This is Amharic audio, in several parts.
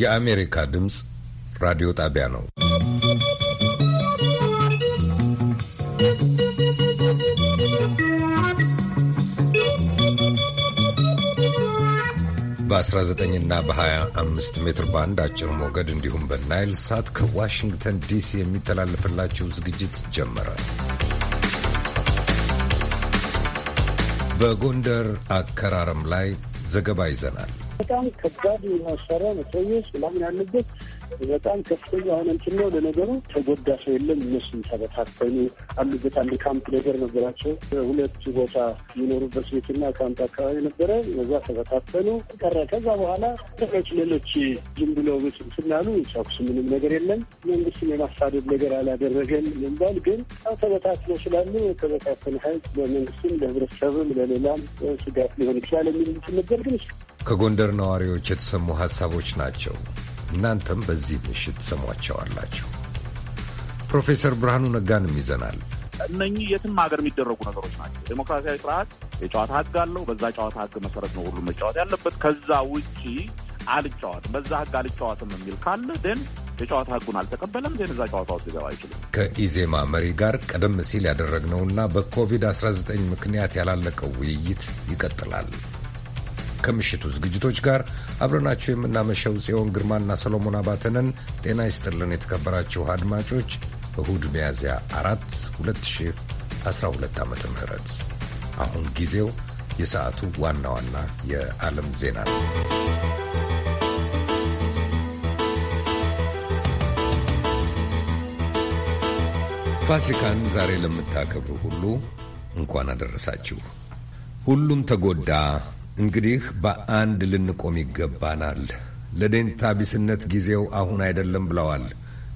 የአሜሪካ ድምፅ ራዲዮ ጣቢያ ነው። በ19 እና በ25 ሜትር ባንድ አጭር ሞገድ እንዲሁም በናይል ሳት ከዋሽንግተን ዲሲ የሚተላለፍላችሁ ዝግጅት ጀመረ። በጎንደር አከራረም ላይ ዘገባ ይዘናል። በጣም ከባድ መሳሪያ መትረየስ ምናምን ያለበት በጣም ከፍተኛ የሆነ እንትን ነው። ለነገሩ ተጎዳ ሰው የለም። እነሱም ተበታተኑ አሉበት። አንድ ካምፕ ነገር ነበራቸው። ሁለት ቦታ የሚኖሩበት ቤትና ካምፕ አካባቢ ነበረ። እዛ ተበታተኑ ቀረ። ከዛ በኋላ ሌሎች ሌሎች ዝም ብለው ስናሉ ተኩስ ምንም ነገር የለም። መንግስትን የማሳደድ ነገር አላደረገን ምንባል ግን ተበታትነው ስላሉ የተበታተነ ሀይል ለመንግስትም ለህብረተሰብም ለሌላም ስጋት ሊሆን ይችላል የሚሉትን ነበር ግን ከጎንደር ነዋሪዎች የተሰሙ ሐሳቦች ናቸው። እናንተም በዚህ ምሽት ትሰሟቸዋላችሁ። ፕሮፌሰር ብርሃኑ ነጋንም ይዘናል። እነኚህ የትም ሀገር የሚደረጉ ነገሮች ናቸው። ዴሞክራሲያዊ ስርዓት የጨዋታ ህግ አለው። በዛ ጨዋታ ህግ መሰረት ነው ሁሉም መጫወት ያለበት። ከዛ ውጪ አልጫዋትም፣ በዛ ህግ አልጫዋትም የሚል ካለ ደን የጨዋታ ህጉን አልተቀበለም፣ ደን እዛ ጨዋታ ውስጥ ሊገባ አይችልም። ከኢዜማ መሪ ጋር ቀደም ሲል ያደረግነውና በኮቪድ-19 ምክንያት ያላለቀው ውይይት ይቀጥላል። ከምሽቱ ዝግጅቶች ጋር አብረናችሁ የምናመሸው ጽዮን ግርማና ሰሎሞን አባተንን። ጤና ይስጥልን የተከበራችሁ አድማጮች። እሁድ ሚያዝያ 4 2012 ዓ ም አሁን ጊዜው የሰዓቱ ዋና ዋና የዓለም ዜና ነው። ፋሲካን ዛሬ ለምታከብሩ ሁሉ እንኳን አደረሳችሁ። ሁሉም ተጎዳ እንግዲህ በአንድ ልንቆም ይገባናል። ለዴንታ ቢስነት ጊዜው አሁን አይደለም ብለዋል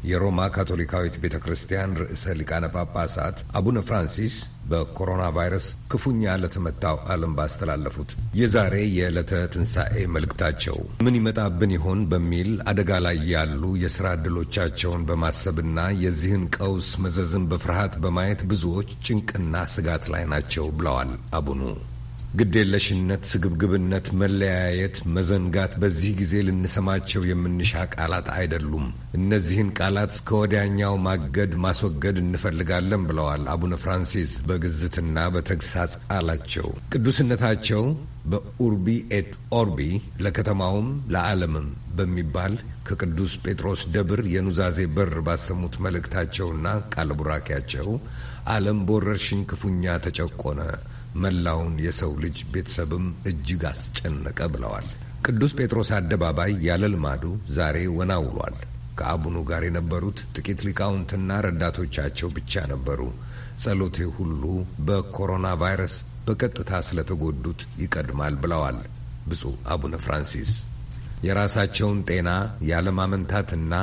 የሮማ ካቶሊካዊት ቤተ ክርስቲያን ርዕሰ ሊቃነ ጳጳሳት አቡነ ፍራንሲስ በኮሮና ቫይረስ ክፉኛ ለተመታው ዓለም ባስተላለፉት የዛሬ የዕለተ ትንሣኤ መልእክታቸው ምን ይመጣብን ይሆን በሚል አደጋ ላይ ያሉ የሥራ ዕድሎቻቸውን በማሰብና የዚህን ቀውስ መዘዝን በፍርሃት በማየት ብዙዎች ጭንቅና ስጋት ላይ ናቸው ብለዋል አቡኑ ግዴለሽነት፣ ስግብግብነት፣ መለያየት፣ መዘንጋት በዚህ ጊዜ ልንሰማቸው የምንሻ ቃላት አይደሉም። እነዚህን ቃላት እስከ ወዲያኛው ማገድ፣ ማስወገድ እንፈልጋለን ብለዋል አቡነ ፍራንሲስ በግዝትና በተግሳጽ ቃላቸው። ቅዱስነታቸው በኡርቢ ኤት ኦርቢ ለከተማውም ለዓለምም በሚባል ከቅዱስ ጴጥሮስ ደብር የኑዛዜ በር ባሰሙት መልእክታቸውና ቃለ ቡራኪያቸው ዓለም በወረርሽኝ ክፉኛ ተጨቆነ መላውን የሰው ልጅ ቤተሰብም እጅግ አስጨነቀ ብለዋል። ቅዱስ ጴጥሮስ አደባባይ ያለ ልማዱ ዛሬ ወናውሏል። ከአቡኑ ጋር የነበሩት ጥቂት ሊቃውንትና ረዳቶቻቸው ብቻ ነበሩ። ጸሎቴ ሁሉ በኮሮና ቫይረስ በቀጥታ ስለተጎዱት ይቀድማል ብለዋል ብፁዕ አቡነ ፍራንሲስ። የራሳቸውን ጤና ያለማመንታትና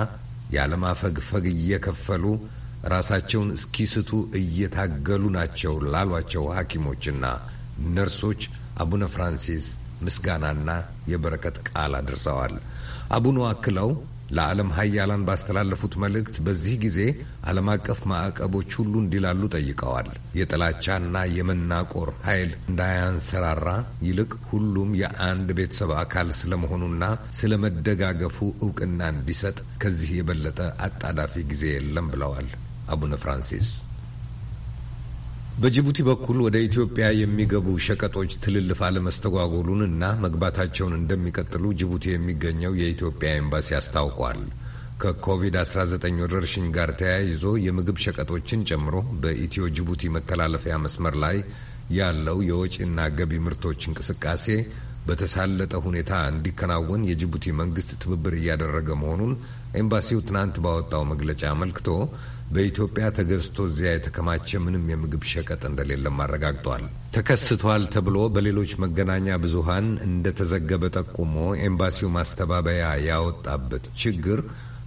ያለማፈግፈግ እየከፈሉ ራሳቸውን እስኪስቱ እየታገሉ ናቸው ላሏቸው ሐኪሞችና ነርሶች አቡነ ፍራንሲስ ምስጋናና የበረከት ቃል አድርሰዋል። አቡኑ አክለው ለዓለም ሀያላን ባስተላለፉት መልእክት በዚህ ጊዜ ዓለም አቀፍ ማዕቀቦች ሁሉ እንዲላሉ ጠይቀዋል። የጥላቻና የመናቆር ኃይል እንዳያንሰራራ ይልቅ ሁሉም የአንድ ቤተሰብ አካል ስለመሆኑና ስለመደጋገፉ እውቅና እንዲሰጥ ከዚህ የበለጠ አጣዳፊ ጊዜ የለም ብለዋል። አቡነ ፍራንሲስ በጅቡቲ በኩል ወደ ኢትዮጵያ የሚገቡ ሸቀጦች ትልልፍ አለመስተጓጎሉን እና መግባታቸውን እንደሚቀጥሉ ጅቡቲ የሚገኘው የኢትዮጵያ ኤምባሲ አስታውቋል። ከኮቪድ-19 ወረርሽኝ ጋር ተያይዞ የምግብ ሸቀጦችን ጨምሮ በኢትዮ ጅቡቲ መተላለፊያ መስመር ላይ ያለው የወጪና ገቢ ምርቶች እንቅስቃሴ በተሳለጠ ሁኔታ እንዲከናወን የጅቡቲ መንግስት ትብብር እያደረገ መሆኑን ኤምባሲው ትናንት ባወጣው መግለጫ አመልክቶ በኢትዮጵያ ተገዝቶ እዚያ የተከማቸ ምንም የምግብ ሸቀጥ እንደሌለም አረጋግጧል። ተከስቷል ተብሎ በሌሎች መገናኛ ብዙሃን እንደተዘገበ ጠቁሞ ኤምባሲው ማስተባበያ ያወጣበት ችግር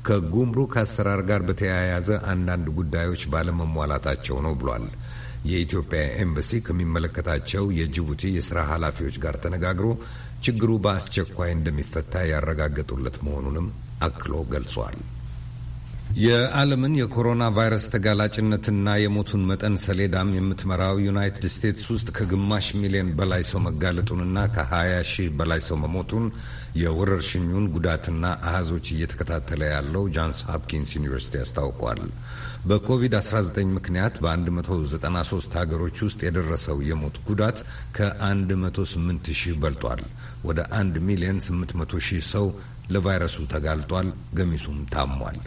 ከጉምሩክ አሰራር ጋር በተያያዘ አንዳንድ ጉዳዮች ባለመሟላታቸው ነው ብሏል። የኢትዮጵያ ኤምባሲ ከሚመለከታቸው የጅቡቲ የሥራ ኃላፊዎች ጋር ተነጋግሮ ችግሩ በአስቸኳይ እንደሚፈታ ያረጋገጡለት መሆኑንም አክሎ ገልጿል። የዓለምን የኮሮና ቫይረስ ተጋላጭነትና የሞቱን መጠን ሰሌዳም የምትመራው ዩናይትድ ስቴትስ ውስጥ ከግማሽ ሚሊዮን በላይ ሰው መጋለጡንና ከ20 ሺህ በላይ ሰው መሞቱን የወረርሽኙን ጉዳትና አሃዞች እየተከታተለ ያለው ጃንስ ሆፕኪንስ ዩኒቨርሲቲ አስታውቋል። በኮቪድ-19 ምክንያት በ193 ሀገሮች ውስጥ የደረሰው የሞት ጉዳት ከ108 ሺህ በልጧል። ወደ 1 ሚሊዮን 800 ሺህ ሰው ለቫይረሱ ተጋልጧል። ገሚሱም ታሟል።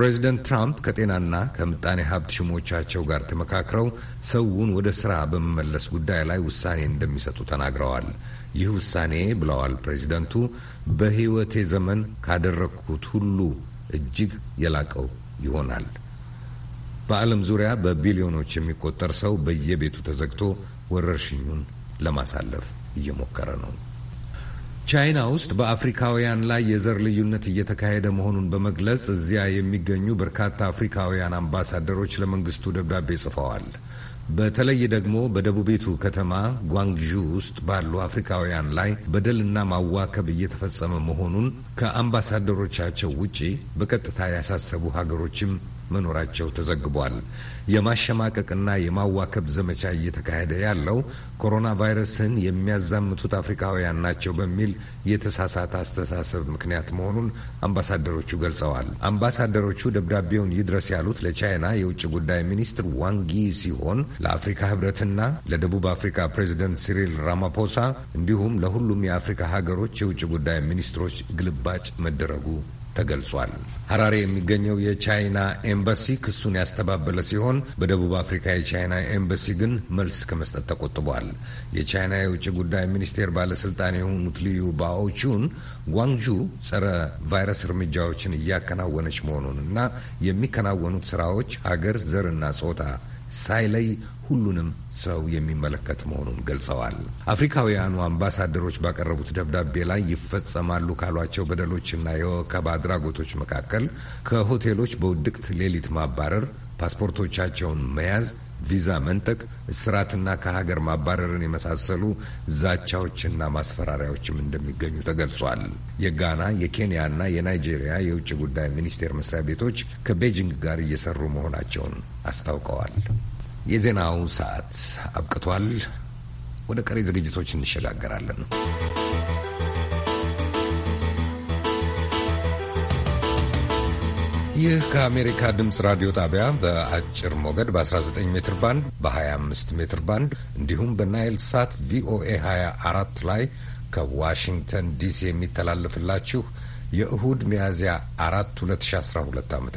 ፕሬዚደንት ትራምፕ ከጤናና ከምጣኔ ሀብት ሽሞቻቸው ጋር ተመካክረው ሰውን ወደ ሥራ በመመለስ ጉዳይ ላይ ውሳኔ እንደሚሰጡ ተናግረዋል። ይህ ውሳኔ ብለዋል ፕሬዚደንቱ፣ በሕይወቴ ዘመን ካደረግኩት ሁሉ እጅግ የላቀው ይሆናል። በዓለም ዙሪያ በቢሊዮኖች የሚቆጠር ሰው በየቤቱ ተዘግቶ ወረርሽኙን ለማሳለፍ እየሞከረ ነው። ቻይና ውስጥ በአፍሪካውያን ላይ የዘር ልዩነት እየተካሄደ መሆኑን በመግለጽ እዚያ የሚገኙ በርካታ አፍሪካውያን አምባሳደሮች ለመንግስቱ ደብዳቤ ጽፈዋል። በተለይ ደግሞ በደቡቢቱ ከተማ ጓንግዡ ውስጥ ባሉ አፍሪካውያን ላይ በደልና ማዋከብ እየተፈጸመ መሆኑን ከአምባሳደሮቻቸው ውጪ በቀጥታ ያሳሰቡ ሀገሮችም መኖራቸው ተዘግቧል። የማሸማቀቅና የማዋከብ ዘመቻ እየተካሄደ ያለው ኮሮና ቫይረስን የሚያዛምቱት አፍሪካውያን ናቸው በሚል የተሳሳተ አስተሳሰብ ምክንያት መሆኑን አምባሳደሮቹ ገልጸዋል። አምባሳደሮቹ ደብዳቤውን ይድረስ ያሉት ለቻይና የውጭ ጉዳይ ሚኒስትር ዋንጊ ሲሆን ለአፍሪካ ህብረትና ለደቡብ አፍሪካ ፕሬዚደንት ሲሪል ራማፖሳ እንዲሁም ለሁሉም የአፍሪካ ሀገሮች የውጭ ጉዳይ ሚኒስትሮች ግልባጭ መደረጉ ተገልጿል። ሐራሬ የሚገኘው የቻይና ኤምባሲ ክሱን ያስተባበለ ሲሆን በደቡብ አፍሪካ የቻይና ኤምባሲ ግን መልስ ከመስጠት ተቆጥቧል። የቻይና የውጭ ጉዳይ ሚኒስቴር ባለስልጣን የሆኑት ልዩ ባኦቹን ጓንጁ ጸረ ቫይረስ እርምጃዎችን እያከናወነች መሆኑንና የሚከናወኑት ስራዎች ሀገር፣ ዘርና ጾታ ሳይለይ ሁሉንም ሰው የሚመለከት መሆኑን ገልጸዋል። አፍሪካውያኑ አምባሳደሮች ባቀረቡት ደብዳቤ ላይ ይፈጸማሉ ካሏቸው በደሎችና የወከባ አድራጎቶች መካከል ከሆቴሎች በውድቅት ሌሊት ማባረር፣ ፓስፖርቶቻቸውን መያዝ ቪዛ መንጠቅ፣ እስራትና ከሀገር ማባረርን የመሳሰሉ ዛቻዎችና ማስፈራሪያዎችም እንደሚገኙ ተገልጿል። የጋና የኬንያና የናይጄሪያ የውጭ ጉዳይ ሚኒስቴር መስሪያ ቤቶች ከቤጂንግ ጋር እየሰሩ መሆናቸውን አስታውቀዋል። የዜናው ሰዓት አብቅቷል። ወደ ቀሪ ዝግጅቶች እንሸጋገራለን። ይህ ከአሜሪካ ድምፅ ራዲዮ ጣቢያ በአጭር ሞገድ በ19 ሜትር ባንድ በ25 ሜትር ባንድ እንዲሁም በናይል ሳት ቪኦኤ 24 ላይ ከዋሽንግተን ዲሲ የሚተላለፍላችሁ የእሁድ ሚያዝያ 4 2012 ዓ ም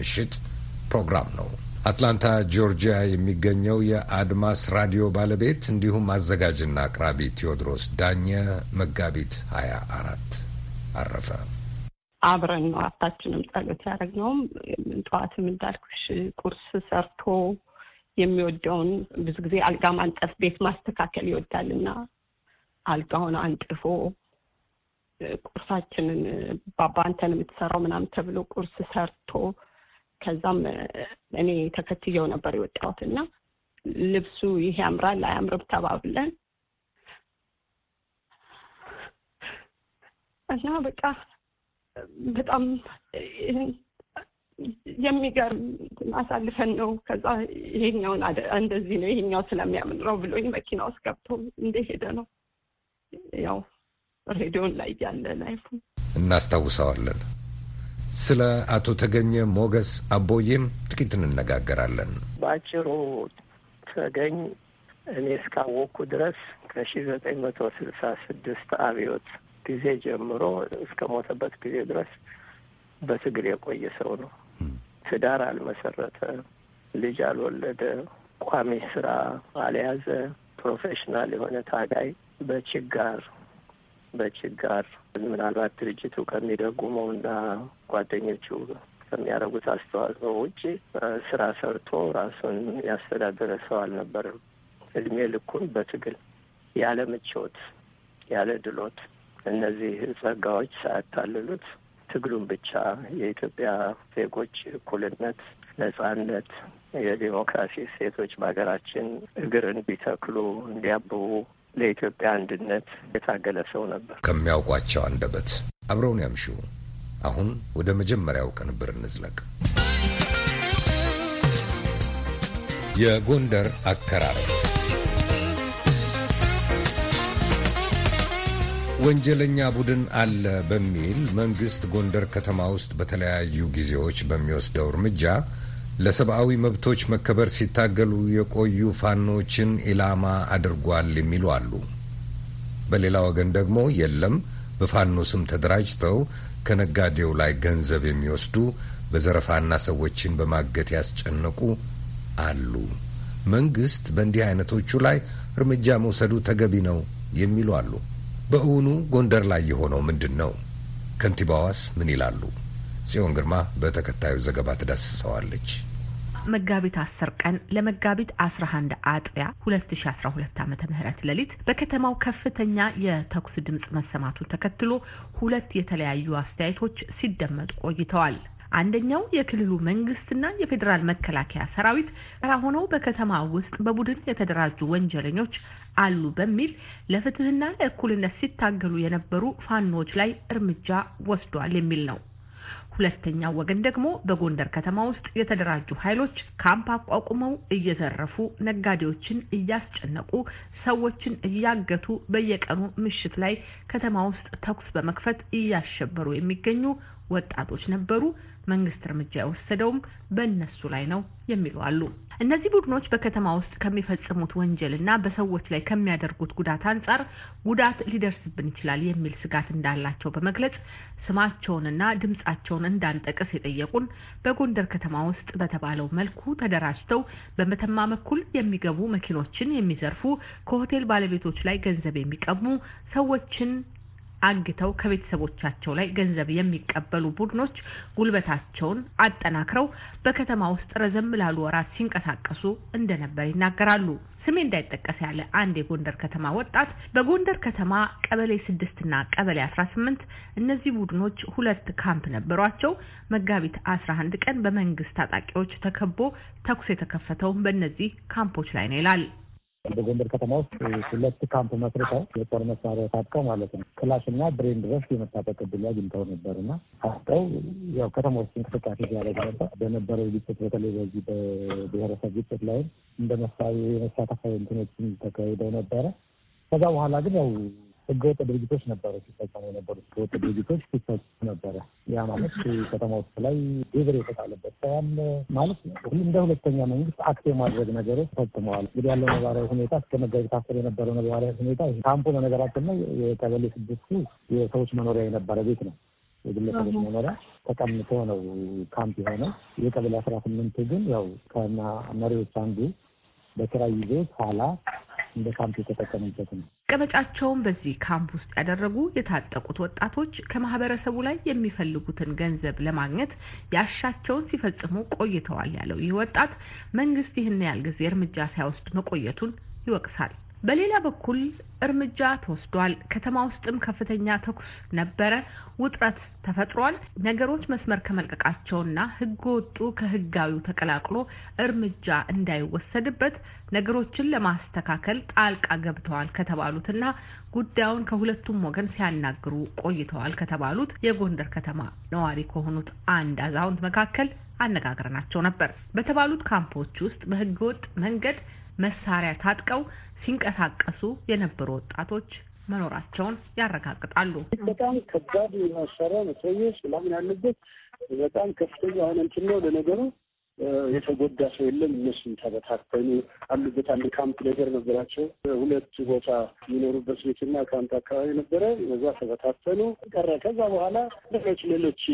ምሽት ፕሮግራም ነው። አትላንታ ጆርጂያ የሚገኘው የአድማስ ራዲዮ ባለቤት እንዲሁም አዘጋጅና አቅራቢ ቴዎድሮስ ዳኘ መጋቢት ሀያ አራት አረፈ። አብረን ነው አታችንም ጸሎት ያደረግነውም። ጠዋትም እንዳልኩሽ ቁርስ ሰርቶ የሚወደውን ብዙ ጊዜ አልጋ ማንጠፍ ቤት ማስተካከል ይወዳልና አልጋውን አንጥፎ ቁርሳችንን ባባ አንተን የምትሰራው ምናምን ተብሎ ቁርስ ሰርቶ ከዛም እኔ ተከትየው ነበር የወጣሁት እና ልብሱ ይሄ ያምራል አያምርም ተባብለን እና በቃ በጣም የሚገርም አሳልፈን ነው። ከዛ ይሄኛውን እንደዚህ ነው ይሄኛው ስለሚያምን ነው ብሎኝ መኪና ውስጥ ገብቶ እንደሄደ ነው ያው ሬዲዮን ላይ ያለ ላይፉ እናስታውሰዋለን። ስለ አቶ ተገኘ ሞገስ አቦዬም ጥቂት እንነጋገራለን። በአጭሩ ተገኝ እኔ እስካወቅኩ ድረስ ከሺ ዘጠኝ መቶ ስልሳ ስድስት አብዮት ጊዜ ጀምሮ እስከ ሞተበት ጊዜ ድረስ በትግል የቆየ ሰው ነው። ትዳር አልመሰረተ፣ ልጅ አልወለደ፣ ቋሚ ስራ አልያዘ፣ ፕሮፌሽናል የሆነ ታጋይ በችጋር በችጋር ምናልባት ድርጅቱ ከሚደጉመው እና ጓደኞቹ ከሚያደርጉት አስተዋጽኦ ውጭ ስራ ሰርቶ ራሱን ያስተዳደረ ሰው አልነበርም። እድሜ ልኩን በትግል ያለ ምቾት፣ ያለ ድሎት እነዚህ ጸጋዎች ሳያታልሉት ትግሉን ብቻ የኢትዮጵያ ዜጎች እኩልነት፣ ነጻነት፣ የዲሞክራሲ እሴቶች በሀገራችን እግር እንዲተክሉ እንዲያብቡ ለኢትዮጵያ አንድነት የታገለ ሰው ነበር። ከሚያውቋቸው አንደበት አብረውን ያምሹ። አሁን ወደ መጀመሪያው ቅንብር እንዝለቅ። የጎንደር አከራረብ ወንጀለኛ ቡድን አለ በሚል መንግሥት ጎንደር ከተማ ውስጥ በተለያዩ ጊዜዎች በሚወስደው እርምጃ ለሰብአዊ መብቶች መከበር ሲታገሉ የቆዩ ፋኖችን ኢላማ አድርጓል የሚሉ አሉ። በሌላ ወገን ደግሞ የለም፣ በፋኖ ስም ተደራጅተው ከነጋዴው ላይ ገንዘብ የሚወስዱ በዘረፋና ሰዎችን በማገት ያስጨነቁ አሉ። መንግስት በእንዲህ አይነቶቹ ላይ እርምጃ መውሰዱ ተገቢ ነው የሚሉ አሉ። በእውኑ ጎንደር ላይ የሆነው ምንድን ነው? ከንቲባዋስ ምን ይላሉ? ጽዮን ግርማ በተከታዩ ዘገባ ትዳስሰዋለች። መጋቢት 10 ቀን ለመጋቢት 11 አጥቢያ 2012 ዓ.ም ሌሊት በከተማው ከፍተኛ የተኩስ ድምጽ መሰማቱን ተከትሎ ሁለት የተለያዩ አስተያየቶች ሲደመጡ ቆይተዋል። አንደኛው የክልሉ መንግስትና የፌዴራል መከላከያ ሰራዊት ራ ሆነው በከተማ ውስጥ በቡድን የተደራጁ ወንጀለኞች አሉ በሚል ለፍትህና ለእኩልነት ሲታገሉ የነበሩ ፋኖዎች ላይ እርምጃ ወስዷል የሚል ነው። ሁለተኛው ወገን ደግሞ በጎንደር ከተማ ውስጥ የተደራጁ ኃይሎች ካምፕ አቋቁመው እየዘረፉ ነጋዴዎችን እያስጨነቁ ሰዎችን እያገቱ በየቀኑ ምሽት ላይ ከተማ ውስጥ ተኩስ በመክፈት እያሸበሩ የሚገኙ ወጣቶች ነበሩ። መንግስት እርምጃ የወሰደውም በእነሱ ላይ ነው የሚሉ አሉ። እነዚህ ቡድኖች በከተማ ውስጥ ከሚፈጽሙት ወንጀልና በሰዎች ላይ ከሚያደርጉት ጉዳት አንጻር ጉዳት ሊደርስብን ይችላል የሚል ስጋት እንዳላቸው በመግለጽ ስማቸውንና ድምጻቸውን እንዳንጠቅስ የጠየቁን በጎንደር ከተማ ውስጥ በተባለው መልኩ ተደራጅተው በመተማ በኩል የሚገቡ መኪኖችን የሚዘርፉ ከሆቴል ባለቤቶች ላይ ገንዘብ የሚቀሙ ሰዎችን አግተው ከቤተሰቦቻቸው ላይ ገንዘብ የሚቀበሉ ቡድኖች ጉልበታቸውን አጠናክረው በከተማ ውስጥ ረዘም ላሉ ወራት ሲንቀሳቀሱ እንደነበር ይናገራሉ። ስሜ እንዳይጠቀስ ያለ አንድ የጎንደር ከተማ ወጣት በጎንደር ከተማ ቀበሌ ስድስት እና ቀበሌ አስራ ስምንት እነዚህ ቡድኖች ሁለት ካምፕ ነበሯቸው። መጋቢት አስራ አንድ ቀን በመንግስት ታጣቂዎች ተከቦ ተኩስ የተከፈተው በእነዚህ ካምፖች ላይ ነው ይላል። በጎንደር ከተማ ውስጥ ሁለት ካምፕ መስርተው የጦር መሳሪያ ታጥቀው ማለት ነው ክላሽና ብሬን ድረስ የመታጠቅ ዕድል አግኝተው ነበር እና ታጥቀው ያው ከተማ ውስጥ እንቅስቃሴ ሲያደርግ ነበር። በነበረው ግጭት በተለይ በዚህ በብሔረሰብ ግጭት ላይም እንደ መሳተፋ እንትኖችን ተካሂደው ነበረ። ከዛ በኋላ ግን ያው ህገወጥ ድርጅቶች ነበሩ ሲፈጸሙ የነበሩ ህገወጥ ድርጅቶች ሲፈጸሙ ነበረ። ያ ማለት ከተማ ውስጥ ላይ ግብር የተጣለበት ሰዋል ማለት ነው። እንደ ሁለተኛ መንግስት አክት የማድረግ ነገሮች ፈጽመዋል። እንግዲህ ያለው ነባራዊ ሁኔታ እስከ መጋቢት አስር የነበረው ነባራዊ ሁኔታ ካምፖ በነገራችን ነው የቀበሌ ስድስቱ የሰዎች መኖሪያ የነበረ ቤት ነው የግለሰቦች መኖሪያ ተቀምቶ ነው ካምፕ የሆነው። የቀበሌ አስራ ስምንት ግን ያው ከመሪዎች አንዱ በኪራይ ይዞ ኋላ እንደ ካምፕ የተጠቀመበት ነው። ቀመጫቸውን በዚህ ካምፕ ውስጥ ያደረጉ የታጠቁት ወጣቶች ከማህበረሰቡ ላይ የሚፈልጉትን ገንዘብ ለማግኘት ያሻቸውን ሲፈጽሙ ቆይተዋል ያለው ይህ ወጣት መንግስት ይህን ያህል ጊዜ እርምጃ ሳይወስድ መቆየቱን ይወቅሳል። በሌላ በኩል እርምጃ ተወስዷል። ከተማ ውስጥም ከፍተኛ ተኩስ ነበረ፣ ውጥረት ተፈጥሯል። ነገሮች መስመር ከመልቀቃቸውና ህገ ወጡ ከህጋዊው ተቀላቅሎ እርምጃ እንዳይወሰድበት ነገሮችን ለማስተካከል ጣልቃ ገብተዋል ከተባሉትና ጉዳዩን ከሁለቱም ወገን ሲያናግሩ ቆይተዋል ከተባሉት የጎንደር ከተማ ነዋሪ ከሆኑት አንድ አዛውንት መካከል አነጋግረናቸው ነበር። በተባሉት ካምፖች ውስጥ በህገወጥ መንገድ መሳሪያ ታጥቀው ሲንቀሳቀሱ የነበሩ ወጣቶች መኖራቸውን ያረጋግጣሉ። በጣም ከባድ መሳሪያ መትረየስ ምናምን ያለበት በጣም ከፍተኛ የሆነ እንትን ነው። ለነገሩ የተጎዳ ሰው የለም። እነሱም ተበታተኑ አሉበት። አንድ ካምፕ ነገር ነበራቸው። ሁለት ቦታ የሚኖሩበት ቤትና ካምፕ አካባቢ ነበረ። በዛ ተበታተኑ ቀረ። ከዛ በኋላ ሌሎች ሌሎች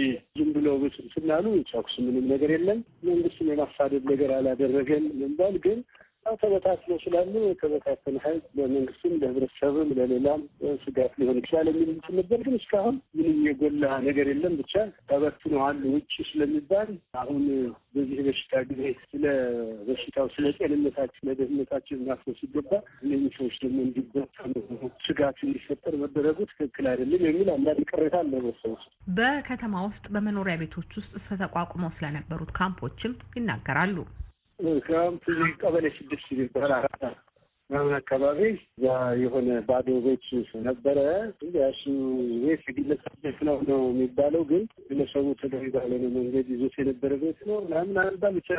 ዝም ብለው ብስ ስናሉ ተኩስ ምንም ነገር የለም። መንግስትን የማሳደድ ነገር አላደረገን ምንባል ግን ተበታትነው ስላሉ የተበታተነ ኃይል ለመንግስትም ለህብረተሰብም ለሌላም ስጋት ሊሆን ይችላል የሚል እንትን ነበር። ግን እስካሁን ምንም የጎላ ነገር የለም። ብቻ ተበትነዋል ውጭ ስለሚባል አሁን በዚህ በሽታ ጊዜ ስለ በሽታው ስለ ጤንነታችን ለደህንነታችን ማስበው ሲገባ እነህ ሰዎች ደግሞ እንዲበተኑ ስጋት እንዲፈጠር መደረጉ ትክክል አይደለም የሚል አንዳንድ ቅሬታ አለ። በሰዎች በከተማ ውስጥ በመኖሪያ ቤቶች ውስጥ ተቋቁመው ስለነበሩት ካምፖችም ይናገራሉ። ምክንያቱም ትዝ ቀበሌ ስድስት የሚባል ምናምን አካባቢ የሆነ ባዶ ቤት ነበረ። ያሱ ቤት ግለሰብ ቤት ነው ነው የሚባለው ግን ግለሰቡ ተገቢ ባልሆነ መንገድ ይዞት የነበረ ቤት ነው ምናምን አንባል ብቻ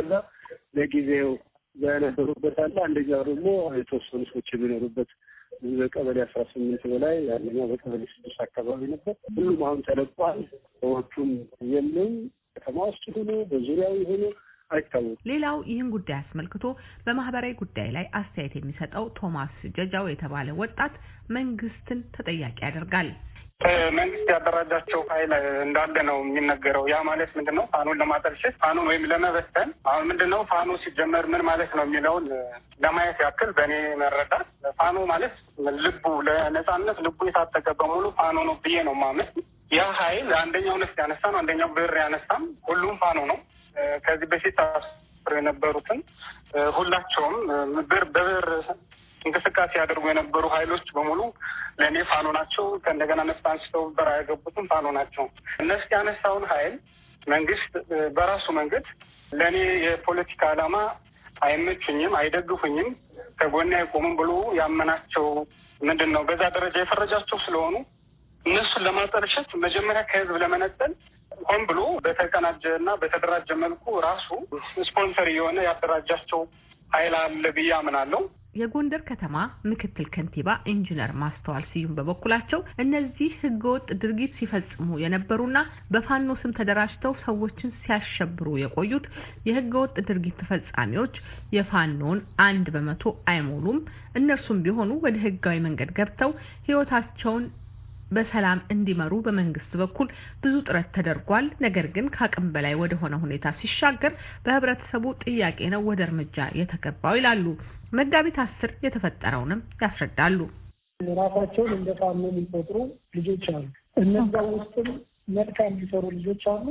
ለጊዜው እዛ የነበሩበት አለ። አንደኛው ደግሞ የተወሰኑ ሰዎች የሚኖሩበት በቀበሌ አስራ ስምንት በላይ አንደኛው በቀበሌ ስድስት አካባቢ ነበር። ሁሉም አሁን ተለቋል። ሰዎቹም የሉም። ከተማ ውስጥ ይሁኑ በዙሪያው ይሁኑ አይታወቅም። ሌላው ይህን ጉዳይ አስመልክቶ በማህበራዊ ጉዳይ ላይ አስተያየት የሚሰጠው ቶማስ ጀጃው የተባለ ወጣት መንግስትን ተጠያቂ ያደርጋል። መንግስት ያደራጃቸው ኃይል እንዳለ ነው የሚነገረው። ያ ማለት ምንድን ነው? ፋኖን ለማጠልሸት ፋኖን ወይም ለመበተን። አሁን ምንድን ነው ፋኖ ሲጀመር ምን ማለት ነው የሚለውን ለማየት ያክል በእኔ መረዳት ፋኖ ማለት ልቡ ለነጻነት ልቡ የታጠቀ በሙሉ ፋኖ ነው ብዬ ነው ማመት። ያ ኃይል አንደኛው ነፍስ ያነሳ ነው፣ አንደኛው ብር ያነሳም፣ ሁሉም ፋኖ ነው። ከዚህ በፊት አስሮ የነበሩትን ሁላቸውም ብር በብር እንቅስቃሴ ያደርጉ የነበሩ ኃይሎች በሙሉ ለእኔ ፋኖ ናቸው። ከእንደገና ነፍስ አንስተው በር ያገቡትም ፋኖ ናቸው። ነፍስ ያነሳውን ኃይል መንግስት በራሱ መንገድ ለእኔ የፖለቲካ ዓላማ አይመቹኝም፣ አይደግፉኝም፣ ከጎኔ አይቆሙም ብሎ ያመናቸው ምንድን ነው በዛ ደረጃ የፈረጃቸው ስለሆኑ እነሱን ለማጠልሸት መጀመሪያ ከህዝብ ለመነጠል ሆን ብሎ በተቀናጀ እና በተደራጀ መልኩ ራሱ ስፖንሰር የሆነ ያደራጃቸው ኃይል አለ ብዬ አምናለሁ። የጎንደር ከተማ ምክትል ከንቲባ ኢንጂነር ማስተዋል ስዩም በበኩላቸው እነዚህ ህገወጥ ድርጊት ሲፈጽሙ የነበሩና በፋኖ ስም ተደራጅተው ሰዎችን ሲያሸብሩ የቆዩት የህገወጥ ድርጊት ተፈጻሚዎች የፋኖን አንድ በመቶ አይሞሉም፣ እነርሱም ቢሆኑ ወደ ህጋዊ መንገድ ገብተው ህይወታቸውን በሰላም እንዲመሩ በመንግስት በኩል ብዙ ጥረት ተደርጓል። ነገር ግን ከአቅም በላይ ወደ ሆነ ሁኔታ ሲሻገር በህብረተሰቡ ጥያቄ ነው ወደ እርምጃ የተገባው ይላሉ። መጋቢት አስር የተፈጠረውንም ያስረዳሉ። ራሳቸውን እንደ ፋኖ የሚቆጥሩ ልጆች አሉ። እነዛ ውስጥም መልካም የሚሰሩ ልጆች አሉ።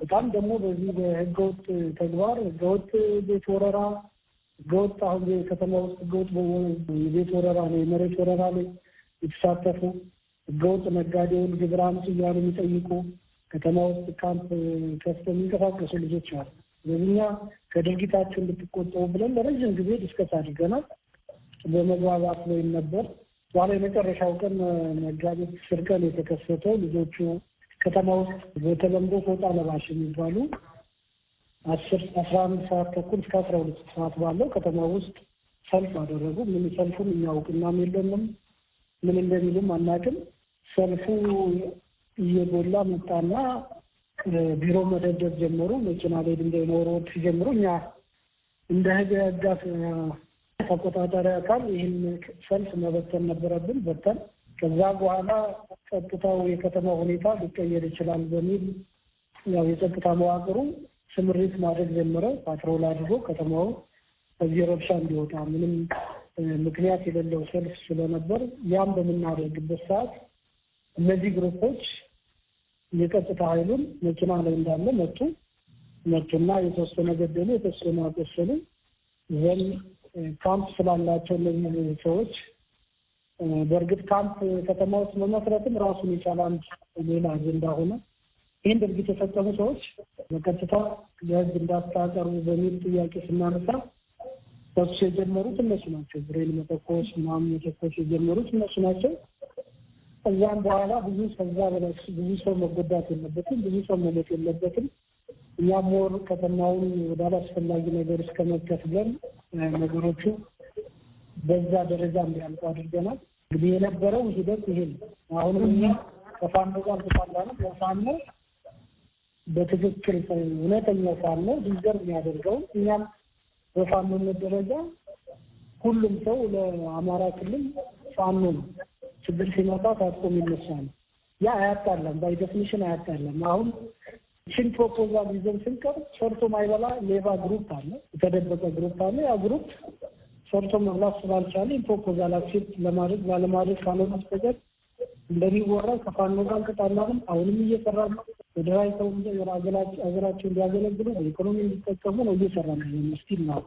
በጣም ደግሞ በዚህ በህገወጥ ተግባር ህገወጥ ቤት ወረራ ህገወጥ አሁን ከተማ ውስጥ ህገወጥ ቤት ወረራ ነው፣ የመሬት ወረራ ላይ የተሳተፉ ህገወጥ ነጋዴውን ግብር አምጡ እያሉ የሚጠይቁ ከተማ ውስጥ ካምፕ ከፍተው የሚንቀሳቀሱ ልጆች አሉ። ስለዚህ እኛ ከድርጊታቸው እንድትቆጠቡ ብለን ለረዥም ጊዜ ድስከት አድርገናል። በመግባባት ወይም ነበር። በኋላ የመጨረሻው ቀን መጋቢት አስር ቀን የተከሰተው ልጆቹ ከተማ ውስጥ በተለምዶ ፎጣ ለባሽ የሚባሉ አስር አስራ አንድ ሰዓት ተኩል እስከ አስራ ሁለት ሰዓት ባለው ከተማ ውስጥ ሰልፍ አደረጉ። ምን ሰልፉን እኛ እውቅናም የለንም ምን እንደሚሉም አናውቅም። ሰልፉ እየጎላ መጣና ቢሮ መደብደብ ጀመሩ። መኪና ላይ ድንጋይ መወርወር ሲጀምሩ እኛ እንደ ህገ ህጋት ተቆጣጣሪ አካል ይህን ሰልፍ መበተን ነበረብን። በተን ከዛ በኋላ ጸጥታው የከተማ ሁኔታ ሊቀየር ይችላል በሚል ያው የጸጥታ መዋቅሩ ስምሪት ማድረግ ጀመረ። ፓትሮል አድርጎ ከተማው ከዚህ ረብሻ እንዲወጣ ምንም ምክንያት የሌለው ሰልፍ ስለነበር ያም በምናደርግበት ሰዓት እነዚህ ግሩፖች የቀጥታ ኃይሉን መኪና ላይ እንዳለ መጡ መጡና የተወሰነ ገደሉ፣ የተወሰነ አቆሰሉ። ዘን ካምፕ ስላላቸው እነዚህ ሰዎች በእርግጥ ካምፕ ከተማ ውስጥ መመስረትም ራሱን የቻለ አንድ ሌላ አጀንዳ ሆነ። ይህን ድርጊት የፈጸሙ ሰዎች በቀጥታ ለህዝብ እንዳታቀርቡ በሚል ጥያቄ ስናነሳ በሱ የጀመሩት እነሱ ናቸው። ብሬን መተኮስ ምናምን መተኮስ የጀመሩት እነሱ ናቸው። ከዛም በኋላ ብዙ ከዛ በላይ ብዙ ሰው መጎዳት የለበትም፣ ብዙ ሰው መሞት የለበትም። እኛም ወር ከተማውን ወደ አላስፈላጊ ነገር እስከ መከት ብለን ነገሮቹ በዛ ደረጃ እንዲያልቁ አድርገናል። እንግዲህ የነበረው ሂደት ይሄ ነው። አሁንም እኛ ከፋኖ ጋር ተፋላነ ለፋኖ በትክክል እውነተኛው ፋኖ ዲዘርቭ የሚያደርገውን እኛም በፋኖነት ደረጃ ሁሉም ሰው ለአማራ ክልል ፋኖ ነው ችግር ሲመጣ ታጥቆ የሚነሳ ነው። ያ አያጣለም፣ ባይ ዴፊኒሽን አያጣለም። አሁን ሽን ፕሮፖዛል ይዘን ስንቀር ሰርቶ ማይበላ ሌባ ግሩፕ አለ፣ የተደበቀ ግሩፕ አለ። ያ ግሩፕ ሰርቶ መብላት ስላልቻለ ፕሮፖዛል አክሴፕት ለማድረግ ባለማድረግ ካልሆነ በስተቀር እንደሚወራ ከፋኖ ጋር እንቀጣላለን። አሁንም እየሰራ ነው። ወደ ላይ ሰው ሀገራቸው እንዲያገለግሉ በኢኮኖሚ እንዲጠቀሙ ነው እየሰራ ነው ስቲል ነው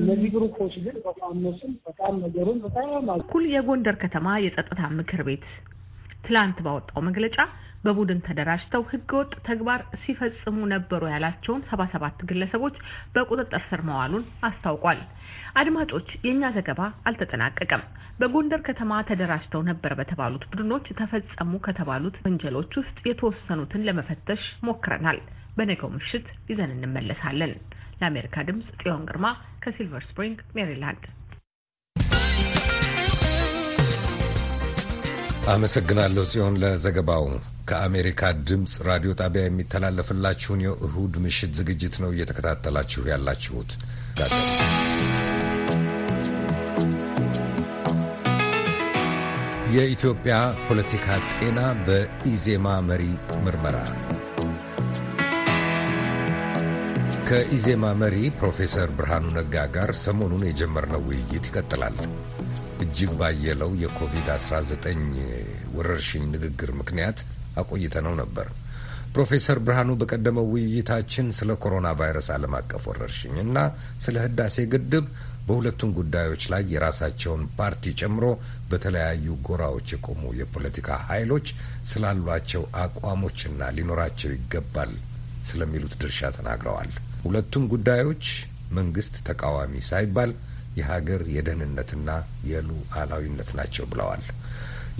እነዚህ ግሩፖች ግን በፋኖስም በጣም ነገሩን በጣም እኩል የጎንደር ከተማ የጸጥታ ምክር ቤት ትላንት ባወጣው መግለጫ በቡድን ተደራጅተው ህገወጥ ተግባር ሲፈጽሙ ነበሩ ያላቸውን ሰባ ሰባት ግለሰቦች በቁጥጥር ስር መዋሉን አስታውቋል። አድማጮች፣ የእኛ ዘገባ አልተጠናቀቀም። በጎንደር ከተማ ተደራጅተው ነበር በተባሉት ቡድኖች ተፈጸሙ ከተባሉት ወንጀሎች ውስጥ የተወሰኑትን ለመፈተሽ ሞክረናል። በነገው ምሽት ይዘን እንመለሳለን። ለአሜሪካ ድምፅ ጽዮን ግርማ ከሲልቨር ስፕሪንግ ሜሪላንድ። አመሰግናለሁ ጽዮን ለዘገባው። ከአሜሪካ ድምፅ ራዲዮ ጣቢያ የሚተላለፍላችሁን የእሁድ ምሽት ዝግጅት ነው እየተከታተላችሁ ያላችሁት። የኢትዮጵያ ፖለቲካ ጤና በኢዜማ መሪ ምርመራ ከኢዜማ መሪ ፕሮፌሰር ብርሃኑ ነጋ ጋር ሰሞኑን የጀመርነው ውይይት ይቀጥላል። እጅግ ባየለው የኮቪድ-19 ወረርሽኝ ንግግር ምክንያት አቆይተነው ነበር። ፕሮፌሰር ብርሃኑ በቀደመው ውይይታችን ስለ ኮሮና ቫይረስ ዓለም አቀፍ ወረርሽኝ እና ስለ ህዳሴ ግድብ በሁለቱም ጉዳዮች ላይ የራሳቸውን ፓርቲ ጨምሮ በተለያዩ ጎራዎች የቆሙ የፖለቲካ ኃይሎች ስላሏቸው አቋሞችና ሊኖራቸው ይገባል ስለሚሉት ድርሻ ተናግረዋል። ሁለቱም ጉዳዮች መንግስት ተቃዋሚ ሳይባል የሀገር የደህንነትና የሉዓላዊነት ናቸው ብለዋል።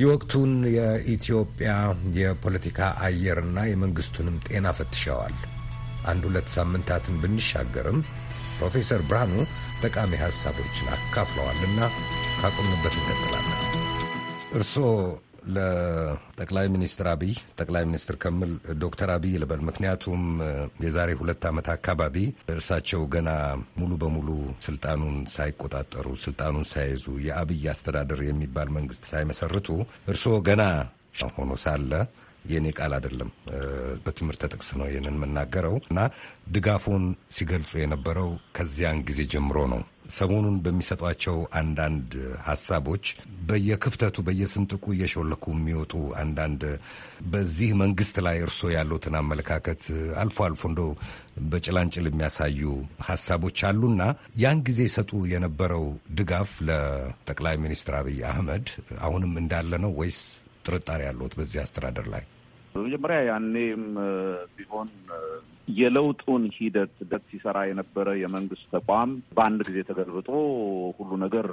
የወቅቱን የኢትዮጵያ የፖለቲካ አየርና የመንግስቱንም ጤና ፈትሸዋል። አንድ ሁለት ሳምንታትን ብንሻገርም ፕሮፌሰር ብርሃኑ ጠቃሚ ሀሳቦችን አካፍለዋልና ካቆምንበት እንቀጥላለን። እርስዎ ለጠቅላይ ሚኒስትር አብይ ጠቅላይ ሚኒስትር ከምል ዶክተር አብይ ልበል። ምክንያቱም የዛሬ ሁለት ዓመት አካባቢ እርሳቸው ገና ሙሉ በሙሉ ስልጣኑን ሳይቆጣጠሩ ስልጣኑን ሳይዙ የአብይ አስተዳደር የሚባል መንግስት ሳይመሰርቱ እርስዎ ገና ሆኖ ሳለ የእኔ ቃል አይደለም፣ በትምህርት ተጠቅስ ነው ይህንን የምናገረው እና ድጋፉን ሲገልጹ የነበረው ከዚያን ጊዜ ጀምሮ ነው ሰሞኑን በሚሰጧቸው አንዳንድ ሀሳቦች በየክፍተቱ በየስንጥቁ እየሾለኩ የሚወጡ አንዳንድ በዚህ መንግስት ላይ እርስዎ ያሉትን አመለካከት አልፎ አልፎ እንደው በጭላንጭል የሚያሳዩ ሀሳቦች አሉና ያን ጊዜ ሰጡ የነበረው ድጋፍ ለጠቅላይ ሚኒስትር አብይ አህመድ አሁንም እንዳለ ነው ወይስ ጥርጣሬ ያለት በዚህ አስተዳደር ላይ? በመጀመሪያ ያኔም ቢሆን የለውጡን ሂደት ደት ሲሰራ የነበረ የመንግስት ተቋም በአንድ ጊዜ ተገልብጦ ሁሉ ነገር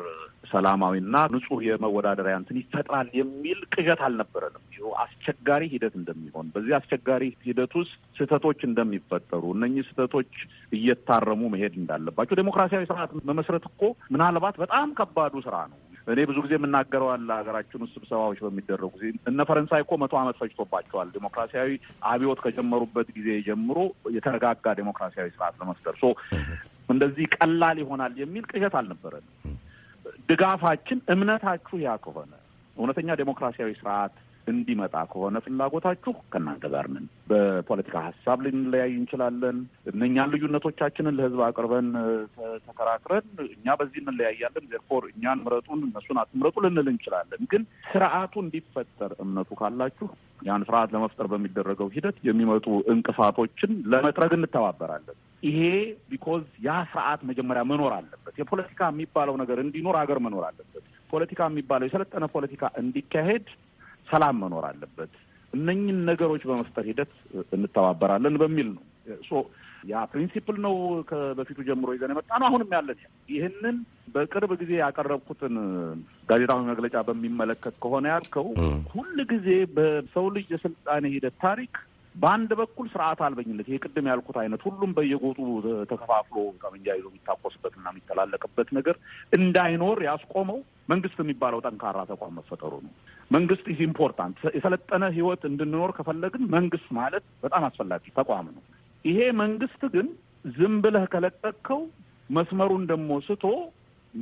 ሰላማዊና ንጹህ የመወዳደሪያ እንትን ይፈጥራል የሚል ቅዠት አልነበረንም። አስቸጋሪ ሂደት እንደሚሆን በዚህ አስቸጋሪ ሂደት ውስጥ ስህተቶች እንደሚፈጠሩ እነኚህ ስህተቶች እየታረሙ መሄድ እንዳለባቸው ዴሞክራሲያዊ ስርዓት መመስረት እኮ ምናልባት በጣም ከባዱ ስራ ነው። እኔ ብዙ ጊዜ የምናገረው አለ ሀገራችን ውስጥ ስብሰባዎች በሚደረጉ ጊዜ እነ ፈረንሳይ እኮ መቶ ዓመት ፈጅቶባቸዋል። ዴሞክራሲያዊ አብዮት ከጀመሩበት ጊዜ ጀምሮ የተረጋጋ ዴሞክራሲያዊ ስርዓት ለመፍጠር ሶ እንደዚህ ቀላል ይሆናል የሚል ቅዠት አልነበረንም። ድጋፋችን፣ እምነታችሁ ያ ከሆነ እውነተኛ ዴሞክራሲያዊ ስርዓት እንዲመጣ ከሆነ ፍላጎታችሁ ከእናንተ ጋር ነን። በፖለቲካ ሀሳብ ልንለያይ እንችላለን። እነኛን ልዩነቶቻችንን ለህዝብ አቅርበን ተከራክረን እኛ በዚህ እንለያያለን፣ ዜርፎር እኛን ምረጡን እነሱን አትምረጡ ልንል እንችላለን። ግን ስርዓቱ እንዲፈጠር እምነቱ ካላችሁ ያን ስርዓት ለመፍጠር በሚደረገው ሂደት የሚመጡ እንቅፋቶችን ለመጥረግ እንተባበራለን። ይሄ ቢኮዝ ያ ስርዓት መጀመሪያ መኖር አለበት። የፖለቲካ የሚባለው ነገር እንዲኖር አገር መኖር አለበት። ፖለቲካ የሚባለው የሰለጠነ ፖለቲካ እንዲካሄድ ሰላም መኖር አለበት። እነኝን ነገሮች በመፍጠር ሂደት እንተባበራለን በሚል ነው። ያ ፕሪንሲፕል ነው ከበፊቱ ጀምሮ ይዘን የመጣ ነው። አሁንም ያለን ይህንን በቅርብ ጊዜ ያቀረብኩትን ጋዜጣዊ መግለጫ በሚመለከት ከሆነ ያልከው ሁል ጊዜ በሰው ልጅ የስልጣኔ ሂደት ታሪክ በአንድ በኩል ስርዓት አልበኝነት ይሄ ቅድም ያልኩት አይነት ሁሉም በየጎጡ ተከፋፍሎ ጠመንጃ ይዞ የሚታኮስበትና የሚተላለቅበት ነገር እንዳይኖር ያስቆመው መንግስት የሚባለው ጠንካራ ተቋም መፈጠሩ ነው። መንግስት ኢዝ ኢምፖርታንት። የሰለጠነ ህይወት እንድንኖር ከፈለግን መንግስት ማለት በጣም አስፈላጊ ተቋም ነው። ይሄ መንግስት ግን ዝም ብለህ ከለቀቅከው መስመሩን ደግሞ ስቶ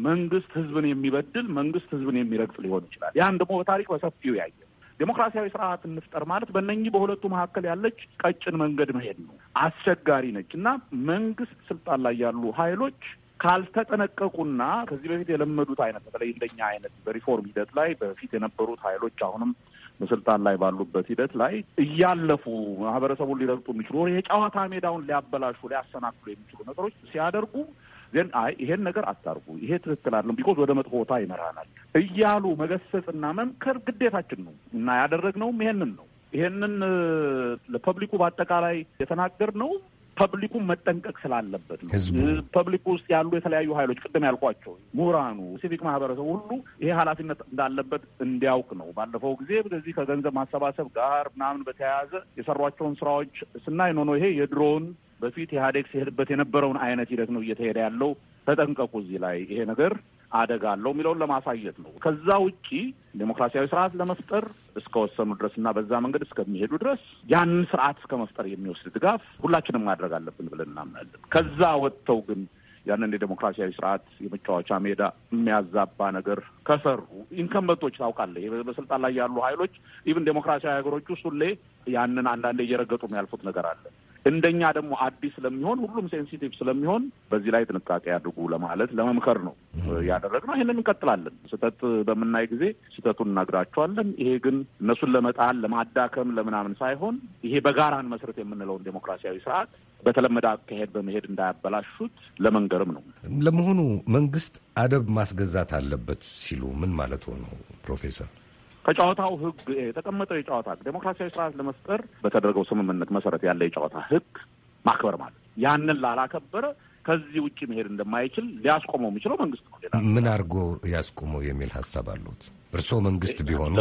መንግስት ህዝብን የሚበድል መንግስት ህዝብን የሚረግጥ ሊሆን ይችላል። ያን ደግሞ በታሪክ በሰፊው ያየ ዴሞክራሲያዊ ስርዓት እንፍጠር ማለት በእነኚህ በሁለቱ መካከል ያለች ቀጭን መንገድ መሄድ ነው። አስቸጋሪ ነች እና መንግስት ስልጣን ላይ ያሉ ኃይሎች ካልተጠነቀቁና ከዚህ በፊት የለመዱት አይነት በተለይ እንደኛ አይነት በሪፎርም ሂደት ላይ በፊት የነበሩት ኃይሎች አሁንም በስልጣን ላይ ባሉበት ሂደት ላይ እያለፉ ማህበረሰቡን ሊረግጡ የሚችሉ የጨዋታ ሜዳውን ሊያበላሹ ሊያሰናክሉ የሚችሉ ነገሮች ሲያደርጉ ግን አይ ይሄን ነገር አታርጉ፣ ይሄ ትክክል አለ፣ ቢኮዝ ወደ መጥፎ ቦታ ይመራናል እያሉ መገሰጽና መምከር ግዴታችን ነው እና ያደረግነውም ይሄንን ነው። ይሄንን ለፐብሊኩ በአጠቃላይ የተናገርነው ፐብሊኩ መጠንቀቅ ስላለበት ነው። ፐብሊኩ ውስጥ ያሉ የተለያዩ ኃይሎች ቅድም ያልኳቸው ምሁራኑ፣ ሲቪክ ማህበረሰቡ ሁሉ ይሄ ኃላፊነት እንዳለበት እንዲያውቅ ነው። ባለፈው ጊዜ በዚህ ከገንዘብ ማሰባሰብ ጋር ምናምን በተያያዘ የሰሯቸውን ስራዎች ስናይ ኖ ይሄ የድሮውን በፊት ኢህአዴግ ሲሄድበት የነበረውን አይነት ሂደት ነው እየተሄደ ያለው። ተጠንቀቁ፣ እዚህ ላይ ይሄ ነገር አደጋ አለው የሚለውን ለማሳየት ነው። ከዛ ውጪ ዴሞክራሲያዊ ስርዓት ለመፍጠር እስከወሰኑ ድረስ እና በዛ መንገድ እስከሚሄዱ ድረስ ያንን ስርዓት እስከ መፍጠር የሚወስድ ድጋፍ ሁላችንም ማድረግ አለብን ብለን እናምናለን። ከዛ ወጥተው ግን ያንን የዴሞክራሲያዊ ስርዓት የመጫወቻ ሜዳ የሚያዛባ ነገር ከሰሩ ኢንከመንቶች ታውቃለህ፣ በስልጣን ላይ ያሉ ሀይሎች ኢቭን ዴሞክራሲያዊ ሀገሮች ውስጥ ሁሌ ያንን አንዳንዴ እየረገጡ የሚያልፉት ነገር አለ። እንደኛ ደግሞ አዲስ ስለሚሆን ሁሉም ሴንሲቲቭ ስለሚሆን በዚህ ላይ ጥንቃቄ ያድርጉ ለማለት ለመምከር ነው ያደረግነው። ይህንን እንቀጥላለን። ስህተት በምናይ ጊዜ ስህተቱን እናግራቸዋለን። ይሄ ግን እነሱን ለመጣል ለማዳከም፣ ለምናምን ሳይሆን ይሄ በጋራን መሰረት የምንለውን ዴሞክራሲያዊ ስርዓት በተለመደ አካሄድ በመሄድ እንዳያበላሹት ለመንገርም ነው። ለመሆኑ መንግስት አደብ ማስገዛት አለበት ሲሉ ምን ማለት ሆነው ፕሮፌሰር? ከጨዋታው ህግ የተቀመጠው የጨዋታ ህግ ዴሞክራሲያዊ ስርዓት ለመፍጠር በተደረገው ስምምነት መሰረት ያለ የጨዋታ ህግ ማክበር ማለት ያንን ላላከበረ ከዚህ ውጭ መሄድ እንደማይችል ሊያስቆመው የሚችለው መንግስት ነው። ሌላ ምን አድርጎ ያስቆመው የሚል ሀሳብ አሉት እርስዎ? መንግስት ቢሆኑ